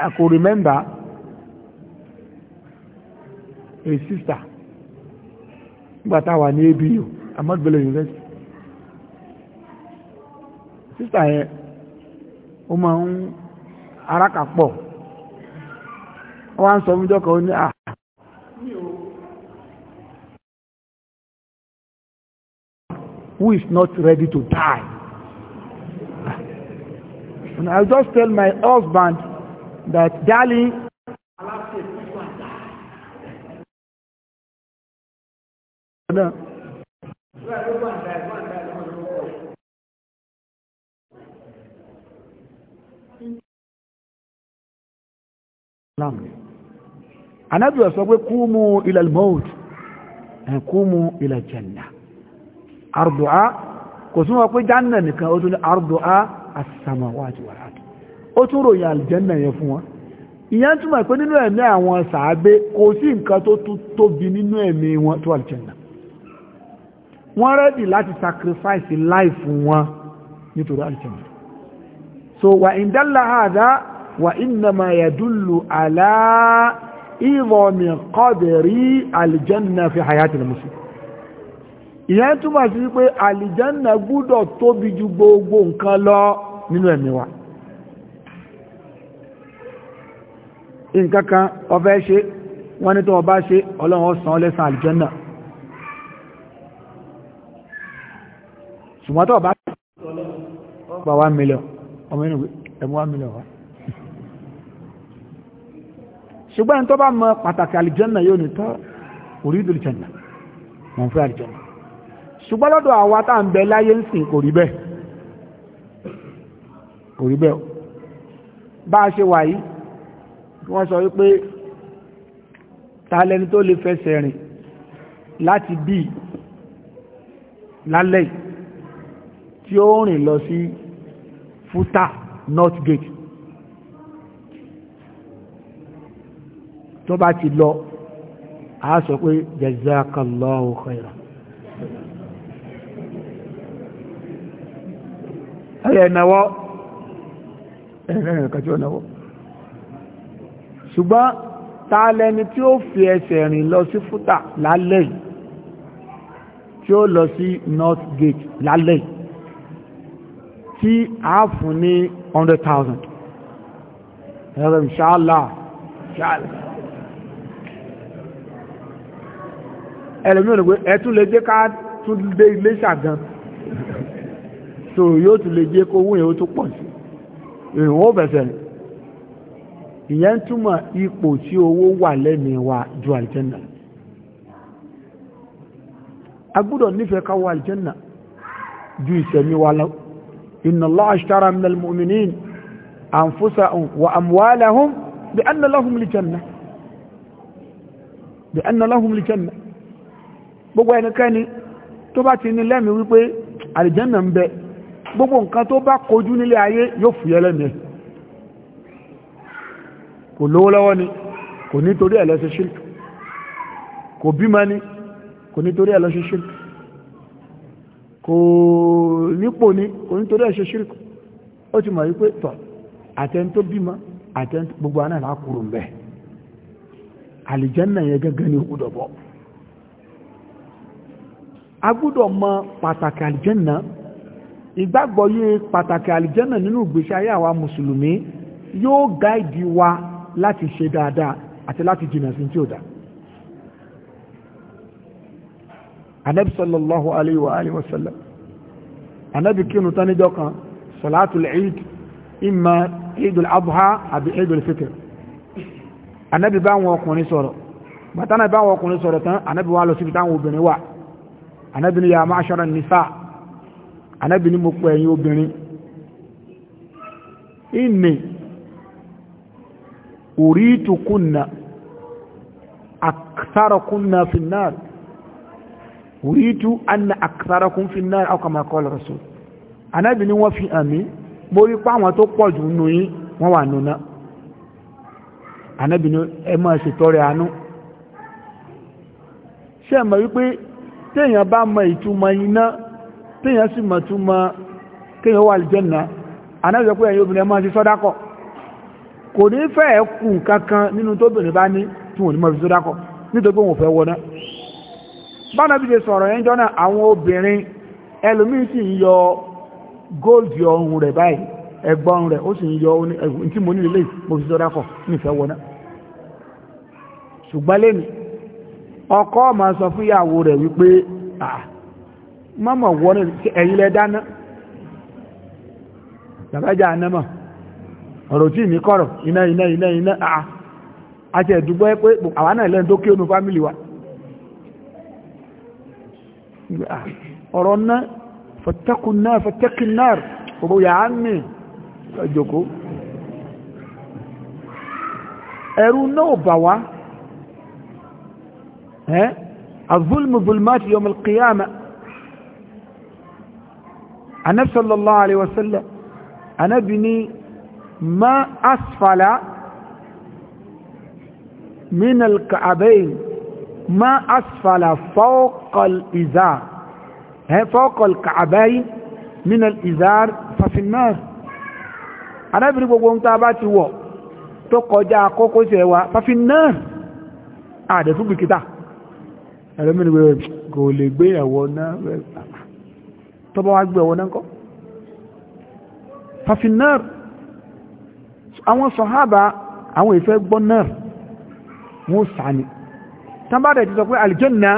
I could remember a sister nígbà tá wà ní ABU Ahmad Bello University sister yẹn ó máa ń arákà wọ́n ń sọ fún jọ́kọ̀ ó ní à who is not ready to die and I just tell my husband that darling náà anábì sọ pé kúmù ilal maut kúmù ilal janna àrùdùá kò súnmọ́ pé janna nìkan ó tún ní àrùdùá as-samawati wal ard ó tún ròyìn aljanna yẹn fún wọn ìyẹn túnmọ̀ pé nínú ẹ̀mí àwọn sàábé kò life wọn nítorí so wa indalla hadha wa innama yadullu ala ìrọ̀mì kọ́dẹ̀rí alìjẹ́nà fi hayatul muslim ìyẹn túmọ̀ sí wípé alìjẹ́nà gbúdọ̀ tóbi ju gbogbo nǹkan lọ nínú ẹ̀mí wa nǹkankan ọfẹ́ ṣe wọ́n ní tó ọba ṣe ọlọ́run ọ̀sán lẹ́sàn alìjẹ́nà ṣùgbọ́n tó ọba ṣe ọlọ́run ọgbà 1 million ọmọ ṣùgbọ́n tó bá mọ pàtàkì àlìjọ́nà yóò ní tọ́ orídù àlìjọ́nà wọ́n fẹ́ àlìjọ́nà ṣùgbọ́n lọ́dọ̀ àwa tá à ń bẹ láyé ń sìn kò rí bẹ́ẹ̀ kò rí bẹ́ẹ̀ bá a ṣe wà yìí wọ́n sọ wípé ta tó lè fẹsẹ̀ rìn láti bí lálẹ́ tí ó rìn lọ sí fúta north gate tó bá ti lọ a sọ pé jazakallahu khairan ẹ̀yẹ̀ ìnáwọ́ ẹ̀rẹ́rìn kàtí ọ̀nàwọ́ ṣùgbọ́n ta lẹni tí ó fi ẹsẹ̀ rìn lọ sí fúta lálẹ́ yìí tí ó lọ sí north gate lálẹ́ tí a fún ní 100,000 ẹ̀rọ inshallah inshallah ẹlòmí òní pé ẹtún lè jẹ́ ká tún dé ilé ṣàgán tó yóò tún lè jẹ́ kó wúyẹ̀ ó tún pọ̀ sí ìwọ̀n ó bẹ̀sẹ̀ ni ìyẹn ń túmọ̀ ipò tí owó wà lẹ́mí wa ju àlìjẹ́nà a gbọ́dọ̀ nífẹ̀ẹ́ ká wọ àlìjẹ́nà ju ìsẹ̀mí wa lọ inna Allah ashtara minal wa amwalahum bi anna lahum aljanna bi gbogbo ẹnikẹ́ni tó bá ti ní lẹ́mìí wípé àlìjẹ́nà ń bẹ gbogbo nǹkan tó bá kojú nílé ayé yóò fúyẹ́ lẹ́mìí kò lówó lọ́wọ́ ni kò nítorí ẹ̀lẹ́sẹ̀ ṣírkì kò bímọ ni kò nítorí ẹ̀lẹ́sẹ̀ ṣírkì kò nípò ni kò nítorí ẹ̀ṣẹ̀ ó ti mọ̀ wípé tọ̀ àtẹni bímọ àtẹni gbogbo anáà lákùrù ń àlìjẹ́nà yẹn gẹ́gẹ́ ni ó a gbọ́dọ̀ mọ pàtàkì àlìjẹ́nà ìgbàgbọ́yé pàtàkì àlìjẹ́nà nínú ìgbésí ayé àwa mùsùlùmí yóò gáìdì wa láti ṣe dáadáa àti láti jìnà sí tí ó dá anabi sallallahu alayhi wa alihi wasallam anabi kinu tani jokan salatul eid imma fitr anabi bá wọn ọkùnrin sọ̀rọ̀ bàtánà bá wọn ọkùnrin sọ̀rọ̀ tán anábì ní ya ma'ashara nisa anábì ní mo pè ẹ̀yin obìnrin inni uritu kunna aktharakunna fi nnar uritu anna aktharakum fi nnar aw kama qala rasul anábì ní wọ́n fi àmì mo rí pa àwọn tó pọ̀ jù nù yín wọ́n wà nù náà ẹ máa ṣètọrẹ àánú ṣe mọ̀ wípé téèyàn bá mọ ìtumọ̀ iná téèyàn sì mọ̀ túnmọ̀ kéèyàn wà àlùjánnà anájọ pé ẹ̀yin obìnrin máa ti sọ́dákọ̀ kò ní fẹ́ ẹ̀kù kankan nínú tóbìnrin bá ní tí wọ́n ní mọ̀ fi sọ́dákọ̀ nítorí pé wọ́n fẹ́ wọ́ná bána bí ṣe sọ̀rọ̀ yẹn jọ́nà àwọn obìnrin ẹlòmíì sì ń yọ góòlù ọrùn rẹ̀ báyìí ẹgbọ́n rẹ̀ ó sì ń yọ ohun tí mo ọkọ ma sọ fún ìyàwó rẹ̀ wípé mọ́mọ̀ wọ́n ẹ̀yìn lẹ dáná tàbájá anẹ́mọ̀ ọ̀rọ̀ tí ní kọ̀rọ̀ iná iná iná iná àà àti ẹ̀dùgbọ́ pé àwọn náà lẹ́n tó kí onú fámílì wa ọ̀rọ̀ náà ها الظلم ظلمات يوم القيامة النبي صلى الله عليه وسلم أنا بني ما أسفل من الكعبين ما أسفل فوق الإزار فوق الكعبين من الإزار ففي النار أنا بني بقوم تاباتي وو tó kọjá ففي wa هذا náà àdẹ̀fúgbìkítà ẹlẹ́mìnì pé kò lè gbé ẹ̀wọ̀ náà tọ́bọ̀ wá gbé ẹ̀wọ̀ náà kọ́ fàfin náà àwọn sọ̀hábà àwọn ìfẹ́ gbọ́ náà wọ́n sàánì tábàdà ti sọ pé alìjẹ́nà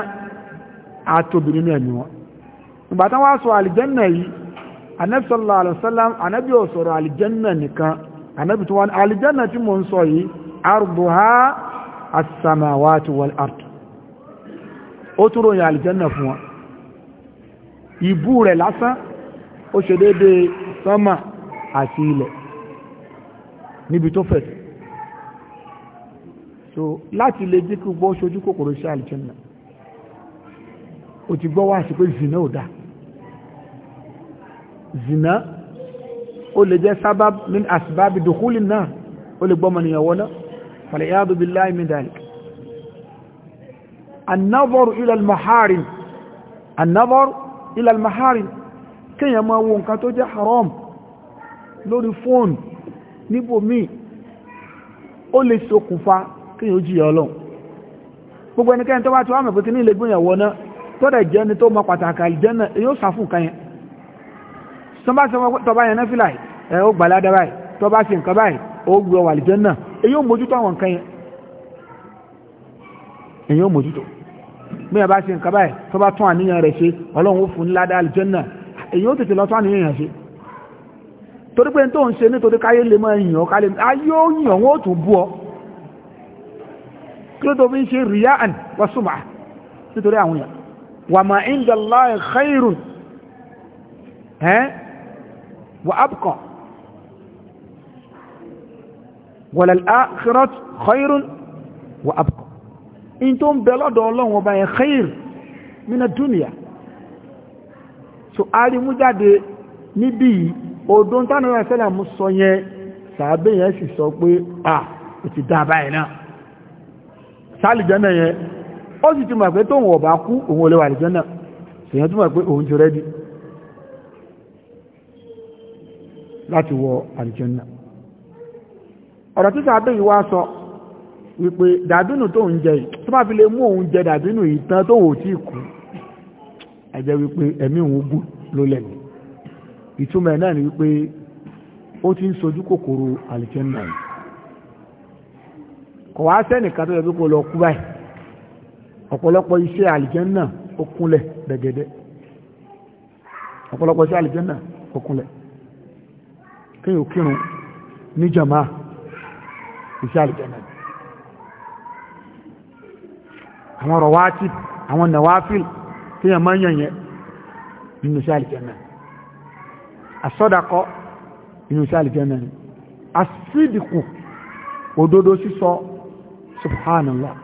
àtòbìnrin náà ni wọ́n ìgbà tán wá sọ alìjẹ́nà yìí Ànábì sallallahu alaihi wasallam Ànábì ò alìjẹ́nà nìkan Ànábì ó tún ròyìn àlìjẹ́nà fún wọn ìbú rẹ̀ lásán ó ṣe déédéé sánmà àti ilẹ̀ níbi tó fẹ̀sẹ̀ so láti lè dínkù gbọ́ ṣojú kòkòrò sí àlìjẹ́nà ó ti gbọ́ wá sí pé zina ò dáa zina ó lè jẹ́ sábàb dùkúlì náà ó lè gbọ́mọ nìyàwó náà fàlẹ̀ yáàdù النظر إلى المحارم النظر إلى المحارم kíyàn máa wo nǹkan tó jẹ́ haram lórí fóònù níbòmíì ó lè ṣokùnfà kíyàn ó jìyà ọlọ́run gbogbo ẹnikẹ́ni tó bá ti wá mẹ́fẹ́ tí ní ilé gbìyànwọ́ náà tọ́dẹ̀ jẹ́ ni tó mọ pàtàkì àlìjẹ́nà yóò sàfún kan yẹn sọba sọ tọba yẹn náfìlà ẹ̀ ó gbàládà báyìí tọba sí nǹkan báyìí ó gbé ọwà àlìjẹ́nà èyí ó mójútó àwọn nǹkan yẹn èyàn ò mójútó bí ẹ bá ṣe nǹkan báyìí tó bá tún àníyàn rẹ̀ ṣe ọlọ́run ó fún ní ládàá àlùjànnà èyàn ó tètè lọ tún àníyàn ṣe torí pé tó ń ṣe nítorí káyé lè máa yìnyàn kálé ayé ó yìnyàn wọ́n ó bú ọ kí ló tó fi ń ṣe rìyá àn wọ́sùmà nítorí àwọn èèyàn wà máa ń dàlá khairun ẹ́n wà ápùkàn wà lálá khairun wà ápùkàn in tó ń bẹ lọ́dọ̀ ọlọ́run ọba yẹn khair mina dunia so arimu jáde níbi odò ń tánà rẹ̀ sẹ́lẹ̀ mú sọ yẹn sàábé yẹn sì sọ pé à ò ti dá báyìí náà sálìjẹ́nà yẹn ó sì ti mọ̀ pé tóun ọba kú òun olè wà lìjẹ́nà èèyàn tó mọ̀ pé òun ti rẹ́dí láti wọ àlìjẹ́nà ọ̀rọ̀ tí sàábé yìí wá sọ wípé dàbínù tó ń jẹ tó bá fi lè mú òun jẹ dàbínù ìtàn tó wò tí kú ẹ̀jẹ̀ wípé ẹ̀mí òun gùn ló lẹ́nu ìtumọ̀ náà ni wípé ó ti ń sojú kòkòrò àlìjẹ́nà yìí kò wá sẹ́nìkan tó yẹ kó lọ kú báyìí ọ̀pọ̀lọpọ̀ iṣẹ́ àlìjẹ́nà ó kúnlẹ̀ dẹ̀gẹ̀dẹ̀ ọ̀pọ̀lọpọ̀ iṣẹ́ àlìjẹ́nà ó kúnlẹ̀ kéèyàn kírun ní jàmáà iṣẹ́ àlìjẹ́nà àwọn rọ̀wátì àwọn nàwáfíl tí yẹn máa yẹn yẹn nínú sí àlìjẹ́nà àsọ́dàkọ́ nínú sí àlìjẹ́nà ni àsídìkù òdodo sísọ subhanallah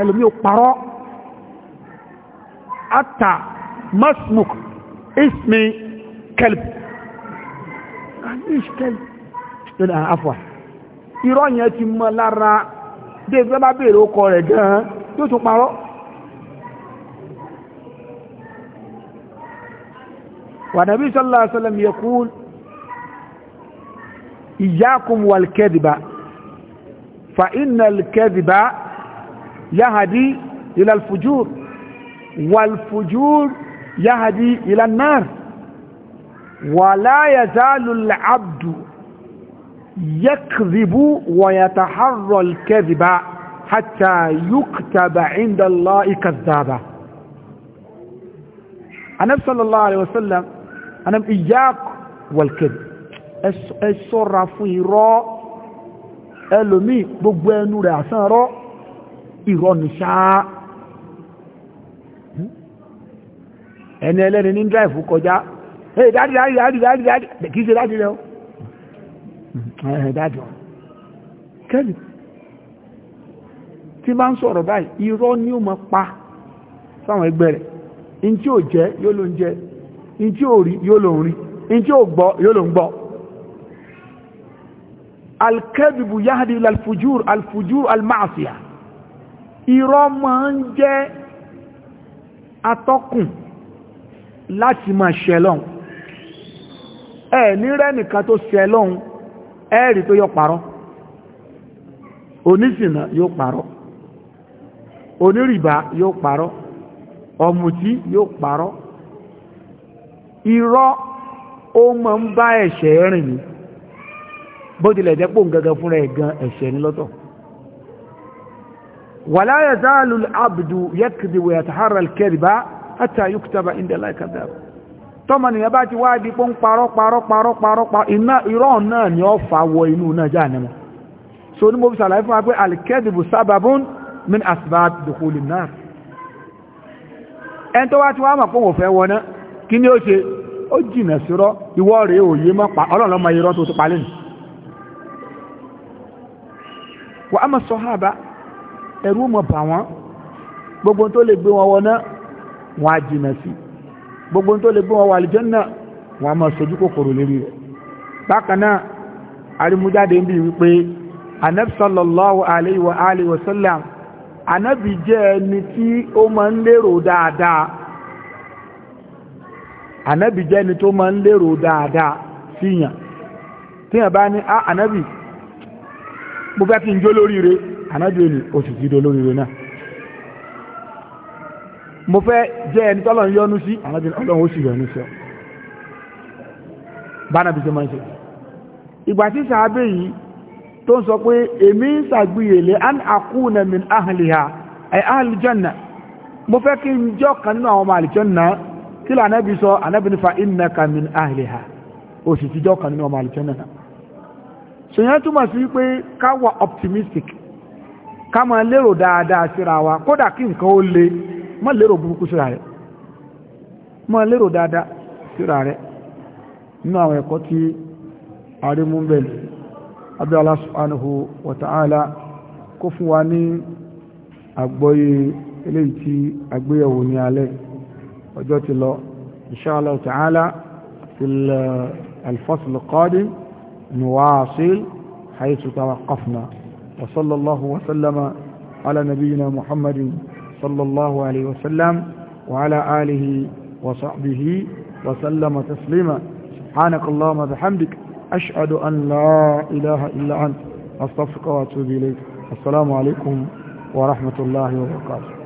ẹlòmí ò parọ́ ata masmuk ismi kelb kanish kelb afwa irọ́ yẹn ti mọ́ lára bí ẹgbẹ́ bá bèèrè ó kọ rẹ̀ gan-an yóò tún parọ́ nàbí sallallahu alaihi wasallam yaqul iyyakum wal kadhiba fa innal kadhiba yahdi ila al fujur wal fujur yahdi ila an nar ولا يزال العبد يكذب ويتحرى الكذب حتى يكتب عند الله كذابا أنا صلى الله عليه وسلم أنا إياك والكذب الصرة في راء ألمي بقوان رأسان راء إيران شاء أنا لنين جايف وكجا هي دادي دادي دادي دادي دادي كيسي دادي له هي دادي كذب tí bá ń sọ̀rọ̀ báyìí irọ́ ni ó mọ pa sáwọn ẹgbẹ́ rẹ̀ in tí ò jẹ́ yóò ló ń jẹ in tí ò rí yóò ló ń rí in tí ò gbọ́ yóò ló ń gbọ́ alkẹ́bìbù yáhàdì alfujúr alfujúr almáàfíà irọ́ máa ń jẹ́ atọ́kùn láti máa ṣẹlọ́n ẹ ní rẹ́nìkan tó ṣẹlọ́n ẹ̀rì tó yọ parọ́ onísìnà yóò parọ́ onírìbá yóò parọ́ ọ̀mùtí yóò parọ́ irọ́ ó máa ń bá ẹ̀ṣẹ̀ rìn ní bó tilẹ̀ jẹ́ pò ń gẹ́gẹ́ fúnra ẹ̀gan ẹ̀ṣẹ̀ ní lọ́tọ̀ wala yazalu al-abdu yakdhibu wa yataharra al-kadhiba hatta yuktaba inda Allahi kadhab tọ́mọ nìyàn bá ti wá di pó ń parọ́ parọ́ parọ́ parọ́ iná irọ́ náà ni ó fà wọ inú náà jáà nẹ́mọ̀ so ní mo sàlàyé fún wa pé al-kadhibu min asbat dukhulin nar ẹn tó wá tí wá mọ̀ pé wọ́n fẹ́ wọ́n náà kí ni ó ṣe ó jìnà sírọ́ ìwọ́ rẹ̀ òye mọ́pa ọlọ́run ma irọ́ tó ti palẹ́ nì wà á mọ̀ sàhábà ẹ̀rú mọ̀ bà wọ́n gbogbo tó lè gbé wọn wọ́n náà wọ́n á jìnà sí gbogbo tó lè gbé wọn wọ àlùjánnà wọ́n á mọ̀ sojú kòkòrò lérí rẹ̀ bákan náà arimujáde ń bí wípé anabi sallallahu alayhi wa alayhi wa sallam anabi jẹ́ ẹni tí ó máa ń lérò dáadáa ànábì jẹ́ ẹni tó máa ń lérò dáadáa síyàn bá ní mo fẹ́ kí n jó lóríire ànábì ni ó sì ti do náà mo fẹ́ jẹ́ ẹni tọ́lọ́run yọ́nú sí si ọlọ́run ó sì sí ọ bá ànábì máa ń ṣe ìgbà tó ń sọ pé èmi ń sàgbìyèlé an àkúnà min ahìlìhà ẹ̀ ahìlìjọ́nà mo fẹ́ kí n jọ́ kan nínú àwọn ọmọ àlìjọ́nà kí lọ sọ anábì nífa min ahìlìhà O sì ti jọ́ kan nínú ọmọ àlìjọ́nà náà ṣèyàn túmọ̀ sí pé ká wà optimistic ká máa lérò dáadáa síra wa kódà kí nǹkan ó le má lérò burúkú síra má lérò dáadáa síra nínú àwọn ẹ̀kọ́ tí bẹ̀rẹ̀ abẹ́ Allah subhanahu wa ta'ala kó fún wa ní àgbọ́yé eléyìí tí àgbéyẹ̀wò ní alẹ́ ọjọ́ ti lọ insha Allah ta'ala fil al-fasl al-qadim nuwasil haythu tawaqqafna wa sallallahu wa sallama ala nabiyyina muhammadin sallallahu alayhi wa sallam wa ala alihi wa sahbihi wa sallama taslima subhanakallahumma bihamdika أشهد أن لا إله إلا أنت أستغفرك وأتوب إليك السلام عليكم ورحمة الله وبركاته